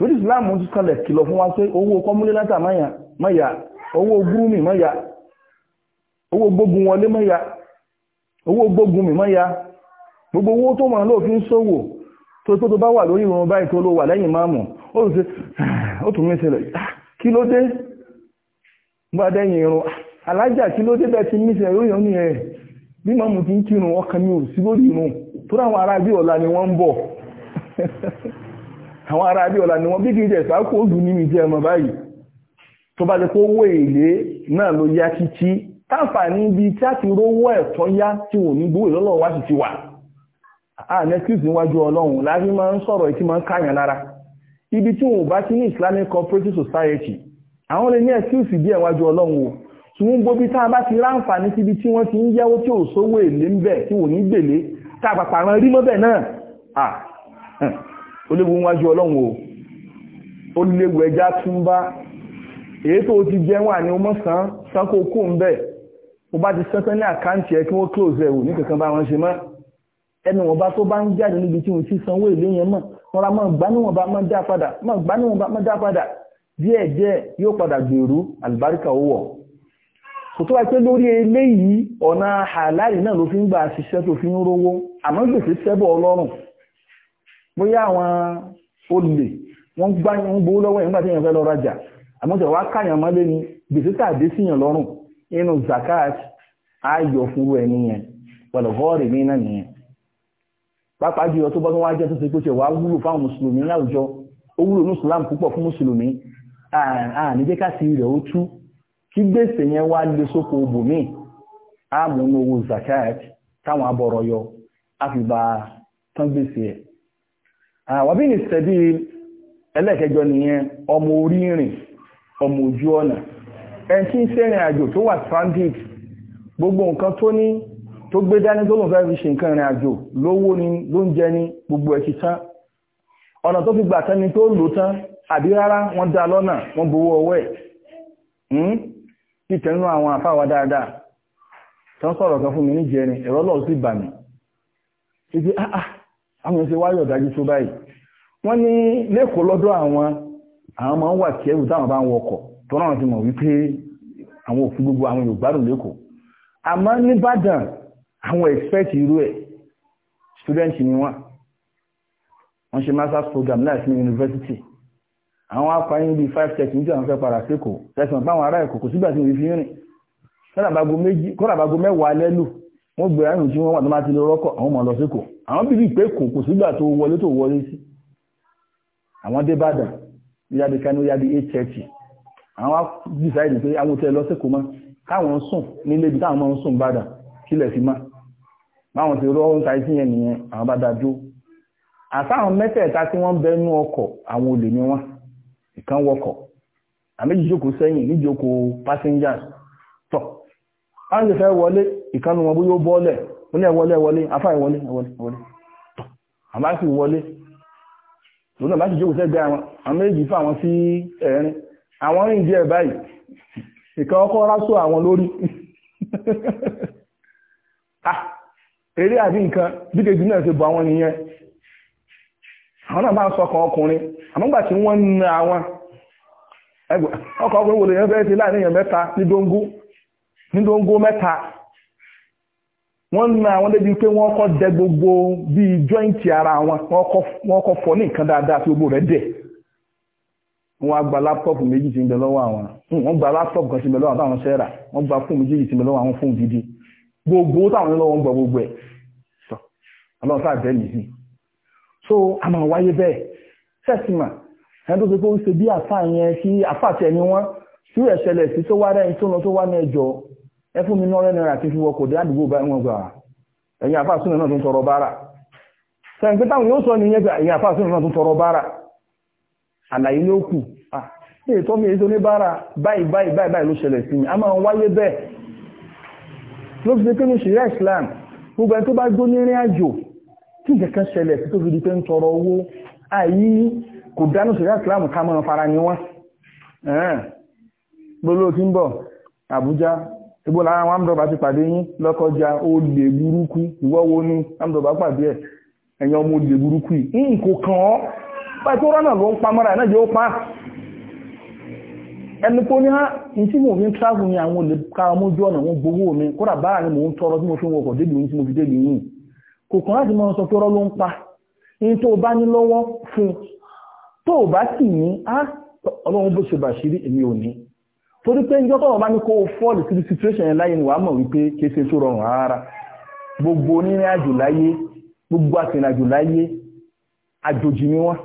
torí islam ti kalẹ̀ kìlọ̀ fún wa pé owó kọmúléláta mọ́yà owó gúrúmì mọ́yà owó gbógun wọlé mọ́yà owó gbógun mi mọ́yà gbogbo owó tó mọ̀ lóòfin sówò tó tó tó bá wà lórí ìrùn báyìí tó ló wà lẹ́yìn máàmù ó tún mí sílẹ̀ ah, kí ló dé bá dẹ́yìn irun ah, alájà kí ló dé bẹ́ẹ̀ ti mí sílẹ̀ lórí ìrùn ẹ̀ bí máàmù ti ń kírun ọkàn àwọn ará abíọ́lá ni wọ́n bí kìí jẹ́ ìsáàkù ó dùn ọmọ báyìí tó bá jẹ́ kó wó èlé náà ló yá títí táǹfààní ibi tí a ti rówó ẹ̀tọ́ yá tí wò ní gbówó ìlọ́lọ́ wá sì ti wà á nẹ́tíìsì níwájú ọlọ́run láti máa ń sọ̀rọ̀ ìtí máa ń káyàn lára ibi tí wọn bá ti ní Islamic Cooperative Society àwọn lè ní ẹ̀tíìsì bí ẹ̀wájú ọlọ́run o ṣùgbọ́n gbóbi tá a bá ti ráǹfààní síbi tí wọ́n ti ń yáwó tí ò sówó èlé ń bẹ̀ tí wò ní gbèlé tá a pàpà rán rí mọ́bẹ̀ náà oléwu wájú ọlọ́run o ó léwu ẹja tún bá èyí tó ti jẹ́ wà ní ọmọ sàn sàn kó kó ń bẹ̀ mo bá ti sẹ́sẹ́ ní àkáǹtì ẹ kí wọ́n close ẹ̀ wò ní kankan bá wọn ṣe mọ́ ẹnu wọn bá tó bá ń jáde níbi tí mo ti sanwó ìlé yẹn mọ̀ wọn ra máa gbá níwọ̀n bá máa dá padà máa gbá níwọ̀n bá máa dá padà díẹ̀ díẹ̀ yóò padà gbèrú àlùbáríkà owó ọ̀ kò tó wá pé lórí eléyìí ọ̀nà àláì náà ló fi ń gbà ṣiṣẹ́ tó fi ń rówó àmọ́ gbèsè sẹ́bọ̀ ọlọ́run bóyá àwọn olè wọ́n gbá ń gbowó lọ́wọ́ yẹn nígbà tí èèyàn fẹ́ lọ rajà àmọ́ wá káyàn mọ́lé ni gbèsè tàdé síyàn lọ́rùn nínú zakat ayọ̀ fún ẹni yẹn pẹ̀lú gọ́ọ̀rì mí náà nìyẹn pápá jùlọ tó bá tó wá jẹ́ tó ṣe pé ṣe wá wúlò fáwọn mùsùlùmí láwùjọ ó wúlò ní islam púpọ̀ fún mùsùlùmí àní jẹ́ káàsì rẹ̀ ó tú kí gbèsè yẹn wá lè sóko bòmí àmúnú owó zakat táwọn abọ̀rọ̀ yọ á fi bá tán gbèsè ẹ̀ àwọ̀bí ní sẹ́bí ẹlẹ́kẹjọ nìyẹn ọmọ orí rìn ọmọ ojú ọ̀nà ẹni tí ń sẹ́rìn àjò tó wà stranded gbogbo nǹkan tó ní tó gbé dání tó lòun fẹ́ fi ṣe nǹkan ìrìn àjò lówó ni ló ń jẹ ní gbogbo ẹ̀ ti tán ọ̀nà tó fi gbà tán ni tó lò tán àbí rárá wọ́n dá lọ́nà wọ́n gbowó ọwọ́ ẹ̀ hmm? àwọn ṣe wáyọ̀ dájú tó báyìí wọ́n ní lẹ́kọ̀ọ́ lọ́dọ̀ àwọn àwọn máa ń wà kí ẹrù táwọn bá ń wọkọ̀ tọ́nà àwọn ti mọ̀ wípé àwọn òfin gbogbo àwọn yóò gbádùn lẹ́kọ̀ọ́ àmọ́ nìbàdàn àwọn expect irú ẹ̀ student ni wọ́n wọ́n ṣe masters program láti ní university àwọn apáyín bíi five tech níjọ́ àwọn fẹ́ para sékòó tẹ̀sán báwọn ará ẹ̀kọ́ kò sígbà tí wọ́n fi rìn kọ́nà àbágo mẹ́wàá lẹ́lù wọ́n gbé àrùn tí wọ́n wà tó máa ti lọ rọ́kọ̀ àwọn ọmọ lọ sí kò àwọn bíbí pé kò kò sígbà tó wọlé tó wọlé sí àwọn dé bàdàn yáde kánú yáde eight thirty àwọn á decide pé àwọn tẹ lọ sí kò mọ́ káwọn sùn nílé ibi táwọn máa ń sùn bàdàn kílẹ̀ fi má báwọn ti rọ́ ń ta sí yẹn nìyẹn àwọn bá dájú àtàwọn mẹ́tẹ̀ẹ̀ta tí wọ́n bẹ́nu ọkọ̀ àwọn olè ni wọ́n ìkan wọkọ̀ àmì ìjókòó sẹ́yìn níjókòó passengers tọ̀ ha fẹ́ wọlé ìkanu wọn bó yóò bọ́ọ̀lẹ̀ wọlé wọlé wọlé afá ìwọlé wọlé wọlé a wọlé lónà bá sì jókòó sẹ́gbẹ́ àwọn àméjì fún àwọn sí ẹ̀rin àwọn rìn díẹ̀ báyìí ìkan ọkọ̀ rásù àwọn lórí ah, eré àbí nǹkan bí kejì náà ṣe bọ àwọn nìyẹn àwọn náà bá ń sọkàn ọkùnrin àmọ́gbà tí wọ́n ń na àwọn ọkọ̀ ọkùnrin wòlò yẹn fẹ́ ti láàrin èèyàn mẹ́ta ní ní dóńgó mẹ́ta wọ́n na àwọn débi pé wọ́n kọ́ dẹ gbogbo bíi jọ́ìntì ara wọn wọ́n kọ́ fọ́ ní nǹkan dáadáa tí gbogbo rẹ̀ dẹ̀ wọ́n á gba láptọ́pù méjì tí ń bẹ lọ́wọ́ àwọn hmm, wọ́n gba láptọ́pù kan tí ń bẹ lọ́wọ́ àtàwọn sẹ́ra wọ́n gba fóònù méjì tí ń bẹ lọ́wọ́ àwọn fóònù dídí gbogbo táwọn lọ́wọ́ ń gba gbogbo ẹ̀ sọ ọlọ́run sáà bẹ́ẹ̀ nìyí so a máa wáyé bẹ́ẹ̀ sẹ́sìmà ẹni tó ṣe pé ó ṣe bí àfáà yẹn sí àfáà tẹ̀ ni wọ́n sí ẹ̀ṣẹ̀lẹ̀ sí tó wá rẹ́yìn tó lọ tó wá ní ẹjọ́ ẹ fún náírà fi wọkọ̀ dé àdúgbò bá wọn gbà ẹ̀yìn àfà náà tó ń tọrọ bára sẹ́yìn pé yóò sọ ní yẹn pé ẹ̀yìn àfà súnà náà tó ń tọrọ bára àlàyé ló kù a máa ń wáyé Islam ka ìgbò lára wọn àmdọ̀bà ti pàdé yín lọ́kọjá ó lè burúkú ìwọ́wo ní àmdọ̀bà pàdé ẹ̀ ẹ̀yàn ọmọ olè burúkú yìí nǹkó kan ọ́ báyìí tó rọ́nà ló ń pa mọ́ra náà jẹ́ ó pa ẹni tó ní á ní tí mo fi ń travel ní àwọn olè ká ọmọjú ọ̀nà wọn gbowó mi kódà báyà ni mò ń tọrọ tí mo fi ń wọkọ̀ débi tí mo fi débi yìí kò kàn láti máa sọ pé ló ń pa ní tó bá ní lọ́wọ́ fún tó bá sì ní á ọlọ́run bó ṣe bàṣírí èmi ò ní torí pé ìjọ́ tọ́wọ́ bá ní kó fọ́ọ̀lù sí situation yẹn láyé ni wàá mọ̀ wípé kése tó rọrùn rárá gbogbo onírìn àjò láyé gbogbo àtìrìnàjò láyé àjòjì ni wọ́n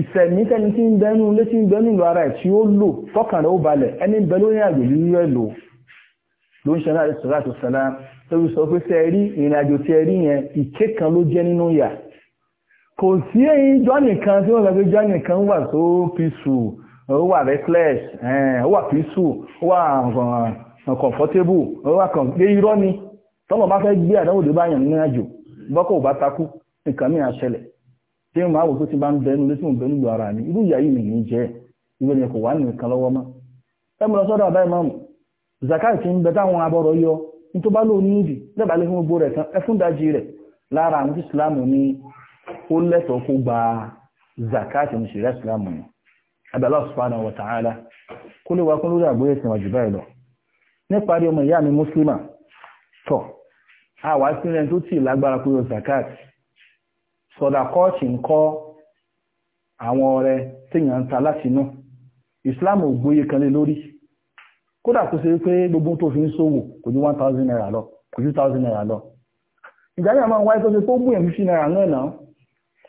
ìsẹ̀mí tẹni tí ń bẹnu lé tí ń bẹnu lọ ara ẹ̀ tí ó lò tọ́kàn rẹ̀ ó balẹ̀ ẹni bẹ lórí àjò lílú ẹ̀ lò ló ń ṣe láti sọ̀rọ̀ àti sọ̀rọ̀ lórí sọ pé ṣe rí ìrìn àjò tí ẹ rí yẹn ìké kan ló jẹ́ nínú yà kò sí èyí jọ́nì kan tí wọ́n sọ pé jọ́nì kan wà tó peaceful ó wà restless eh, ó wà peaceful ó wà eh, comfortable ó wà kàn gbé irọ́ ni tọ́lọ̀ bá fẹ́ gbé àdánwò dé báyàn nínú àjò bọ́kọ̀ bá takú nǹkan mìíràn ṣẹlẹ̀ tí mo máa wò tó ti bá ń bẹnu létí mo bẹnu lu ara mi irú ìyá yìí nìyí jẹ ìwé ni kò wá nìkan lọ́wọ́ mọ́ ẹ mọ̀ yọ gba abẹ́lá ọ̀sùpánà wọ̀tàálá kó lè wá kún lórí àgbóyè tí wọ́n jù báyìí lọ nípa rí ọmọ ìyá mi mùsùlùmá tọ̀ àwà sí rẹ̀ tó tì lágbára pé o zakat sọ̀dà kọ́ọ̀tì ń kọ́ àwọn ọrẹ téèyàn ń ta láti inú islam ò gbóyè kan lé lórí kódà kó ṣe pé gbogbo tó fi ń ṣòwò kò ju one naira lọ kò ju thousand naira lọ ìgbàlè àmọ́ wáyé tó ṣe pé ó mú naira náà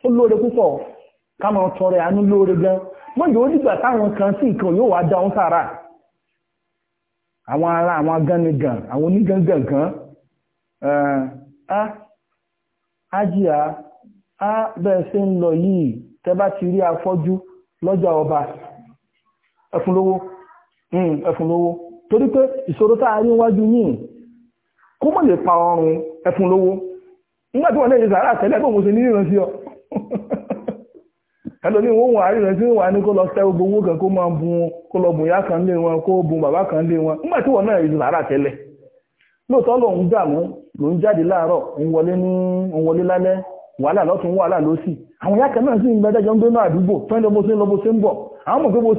ó lóore púpọ̀ ká máa tọrẹ àánú lóore gan-an mọ́jọ́ ó dìgbà táwọn kan sí ìkan yóò wá dá ọ́n sára àwọn ará àwọn agánigan àwọn onígangangan ájíà ah, á bẹ́ẹ̀ ṣe ń lọ yìí tẹ́ bá rí afọ́jú lọ́jà ọba ẹfun hmm, lówó torí pé ìṣòro tá a pa ọrùn nígbà tí wọ́n lè ṣe sàárà tẹ́lẹ̀ ṣe ní ọ ẹlòmí wọ́n wà ríran tí wà ní kó lọ sẹ́ gbogbo owó kan kó máa kó lọ bùn ya kan lé wọn kó bùn bàbá ka lé wọn nígbà tí wọ́n náà ìlú lára tẹ́lẹ̀ lóòótọ́ lòun dààmú lòun jáde láàárọ̀ òun wọlé ní òun wọlé lálẹ́ wàhálà lọ́tún wàhálà lọ́sì àwọn ya kan náà sì ń bẹ dájọ́ ń gbé náà àdúgbò fẹ́ẹ́ lọ́bọ̀ sí ń lọ́bọ̀ sí ń bọ̀ àwọn mọ̀ pé bó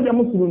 ṣe ń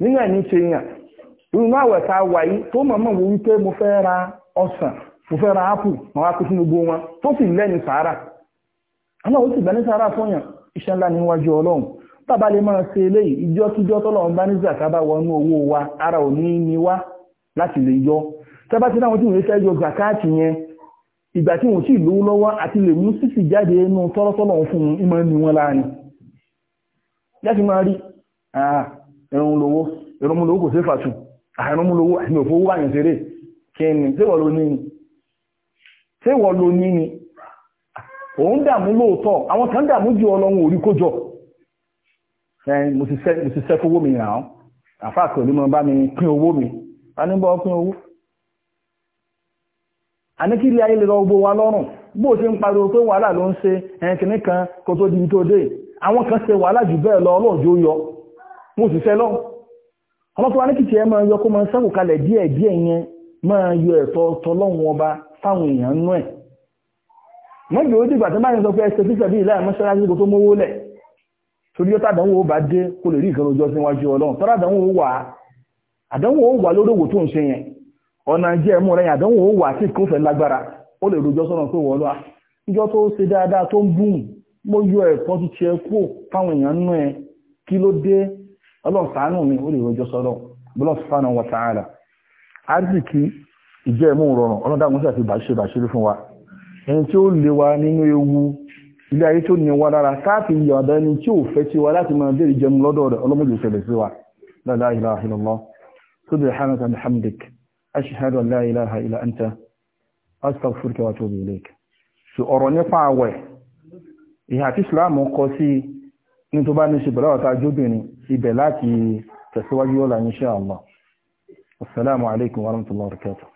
nínú ẹ̀ní ṣe yàn irun àwẹ̀ ta wà yìí tó mọ̀mọ́ wò wípé mo fẹ́ ra ọsàn mo fẹ́ ra ápù mo wá kó sínú gbó wọn tó sì lẹ́ni sàárà ọlọ́run ó sì bẹ́ni sàárà fún yàn iṣẹ́ ńlá níwájú ọlọ́run bàbá lè máa ṣe eléyìí ìjọ tọ́lọ́run wa ara ò ní wá láti lè yọ tẹ́bá ti dáwọn tí wọ́n fẹ́ yọ zakaati yẹn ìgbà tí sì lówó lọ́wọ́ àti lè mú sísì jáde inú ẹ̀rùn lówó ẹ̀rùn lówó kò sí fàtún àìrùn lówó àmì òfowó wà yẹn ṣeré kí ni ṣéwọ̀ ló ní ni ṣéwọ̀ ló ní ni òun dààmú lóòótọ́ àwọn kan dààmú ju ọlọ́run orí kójọ mo ti sẹ́ fowó mi ràn án àfáà pẹ̀lú mọ bá mi pín owó mi a ní bọ́ pín a ní kí ilé ayé lè lọ gbó wa lọ́rùn bó ṣe ń pariwo pé wàhálà ló ń ṣe ẹ̀kìnní kan kó tó di tó dé àwọn kan ṣe wàhálà jù bẹ́ẹ̀ lọ ọlọ́ọ̀jọ́ yọ mo sì fẹ́ lọ ọmọ tó wá ní kìkì ẹ máa yọ kó máa sẹ́kù kalẹ̀ díẹ̀ díẹ̀ yẹn máa yọ ẹ̀tọ́ tọlọ́run ọba fáwọn èèyàn nú ẹ̀ mọ́jì ó dìgbà tó bá yẹn sọ pé ẹsẹ̀ fífẹ́ bí ìlànà mọ́ṣáláṣí kò tó mówó lẹ̀ torí tàdánwò bá dé kó lè rí ìkan ojú ọsìn wájú ọlọ́run àdánwò ó wà àdánwò yẹn ọ̀nà jẹ́ ẹ̀mú rẹ̀ àdánwò ó wà lágbára ó lè rojọ́ sọ́nà pé níjọ́ tó ọlọ́run ṣàánú mi ó lè rọjọ́ sọ́dọ̀ bọ́lọ́run subhanahu wa ta'ala árzìkì ìjẹ́ ìmú rọrùn ọlọ́dàgún sí àti bàṣẹ bàṣírí fún wa ẹni tí ó lè wa nínú ewu ilé ayé tó ní wa lára káàkì yọ̀ọ̀dọ̀ ẹni tí ò fẹ́ tí wa láti máa bèèrè jẹun lọ́dọ̀ rẹ̀ ọlọ́mọdé ìṣẹ̀lẹ̀ sí wa la ilaha illallah subhanaka wa bihamdik ashhadu an ìhà tí islam kọ sí ní tó bá ní ṣe bẹ̀rẹ̀ ọ̀ta jóbìnrin ibẹ̀ láti tẹ̀síwájú ọ̀la insha Allah. Assalamu alaikum warahmatullahi wabarakatuh.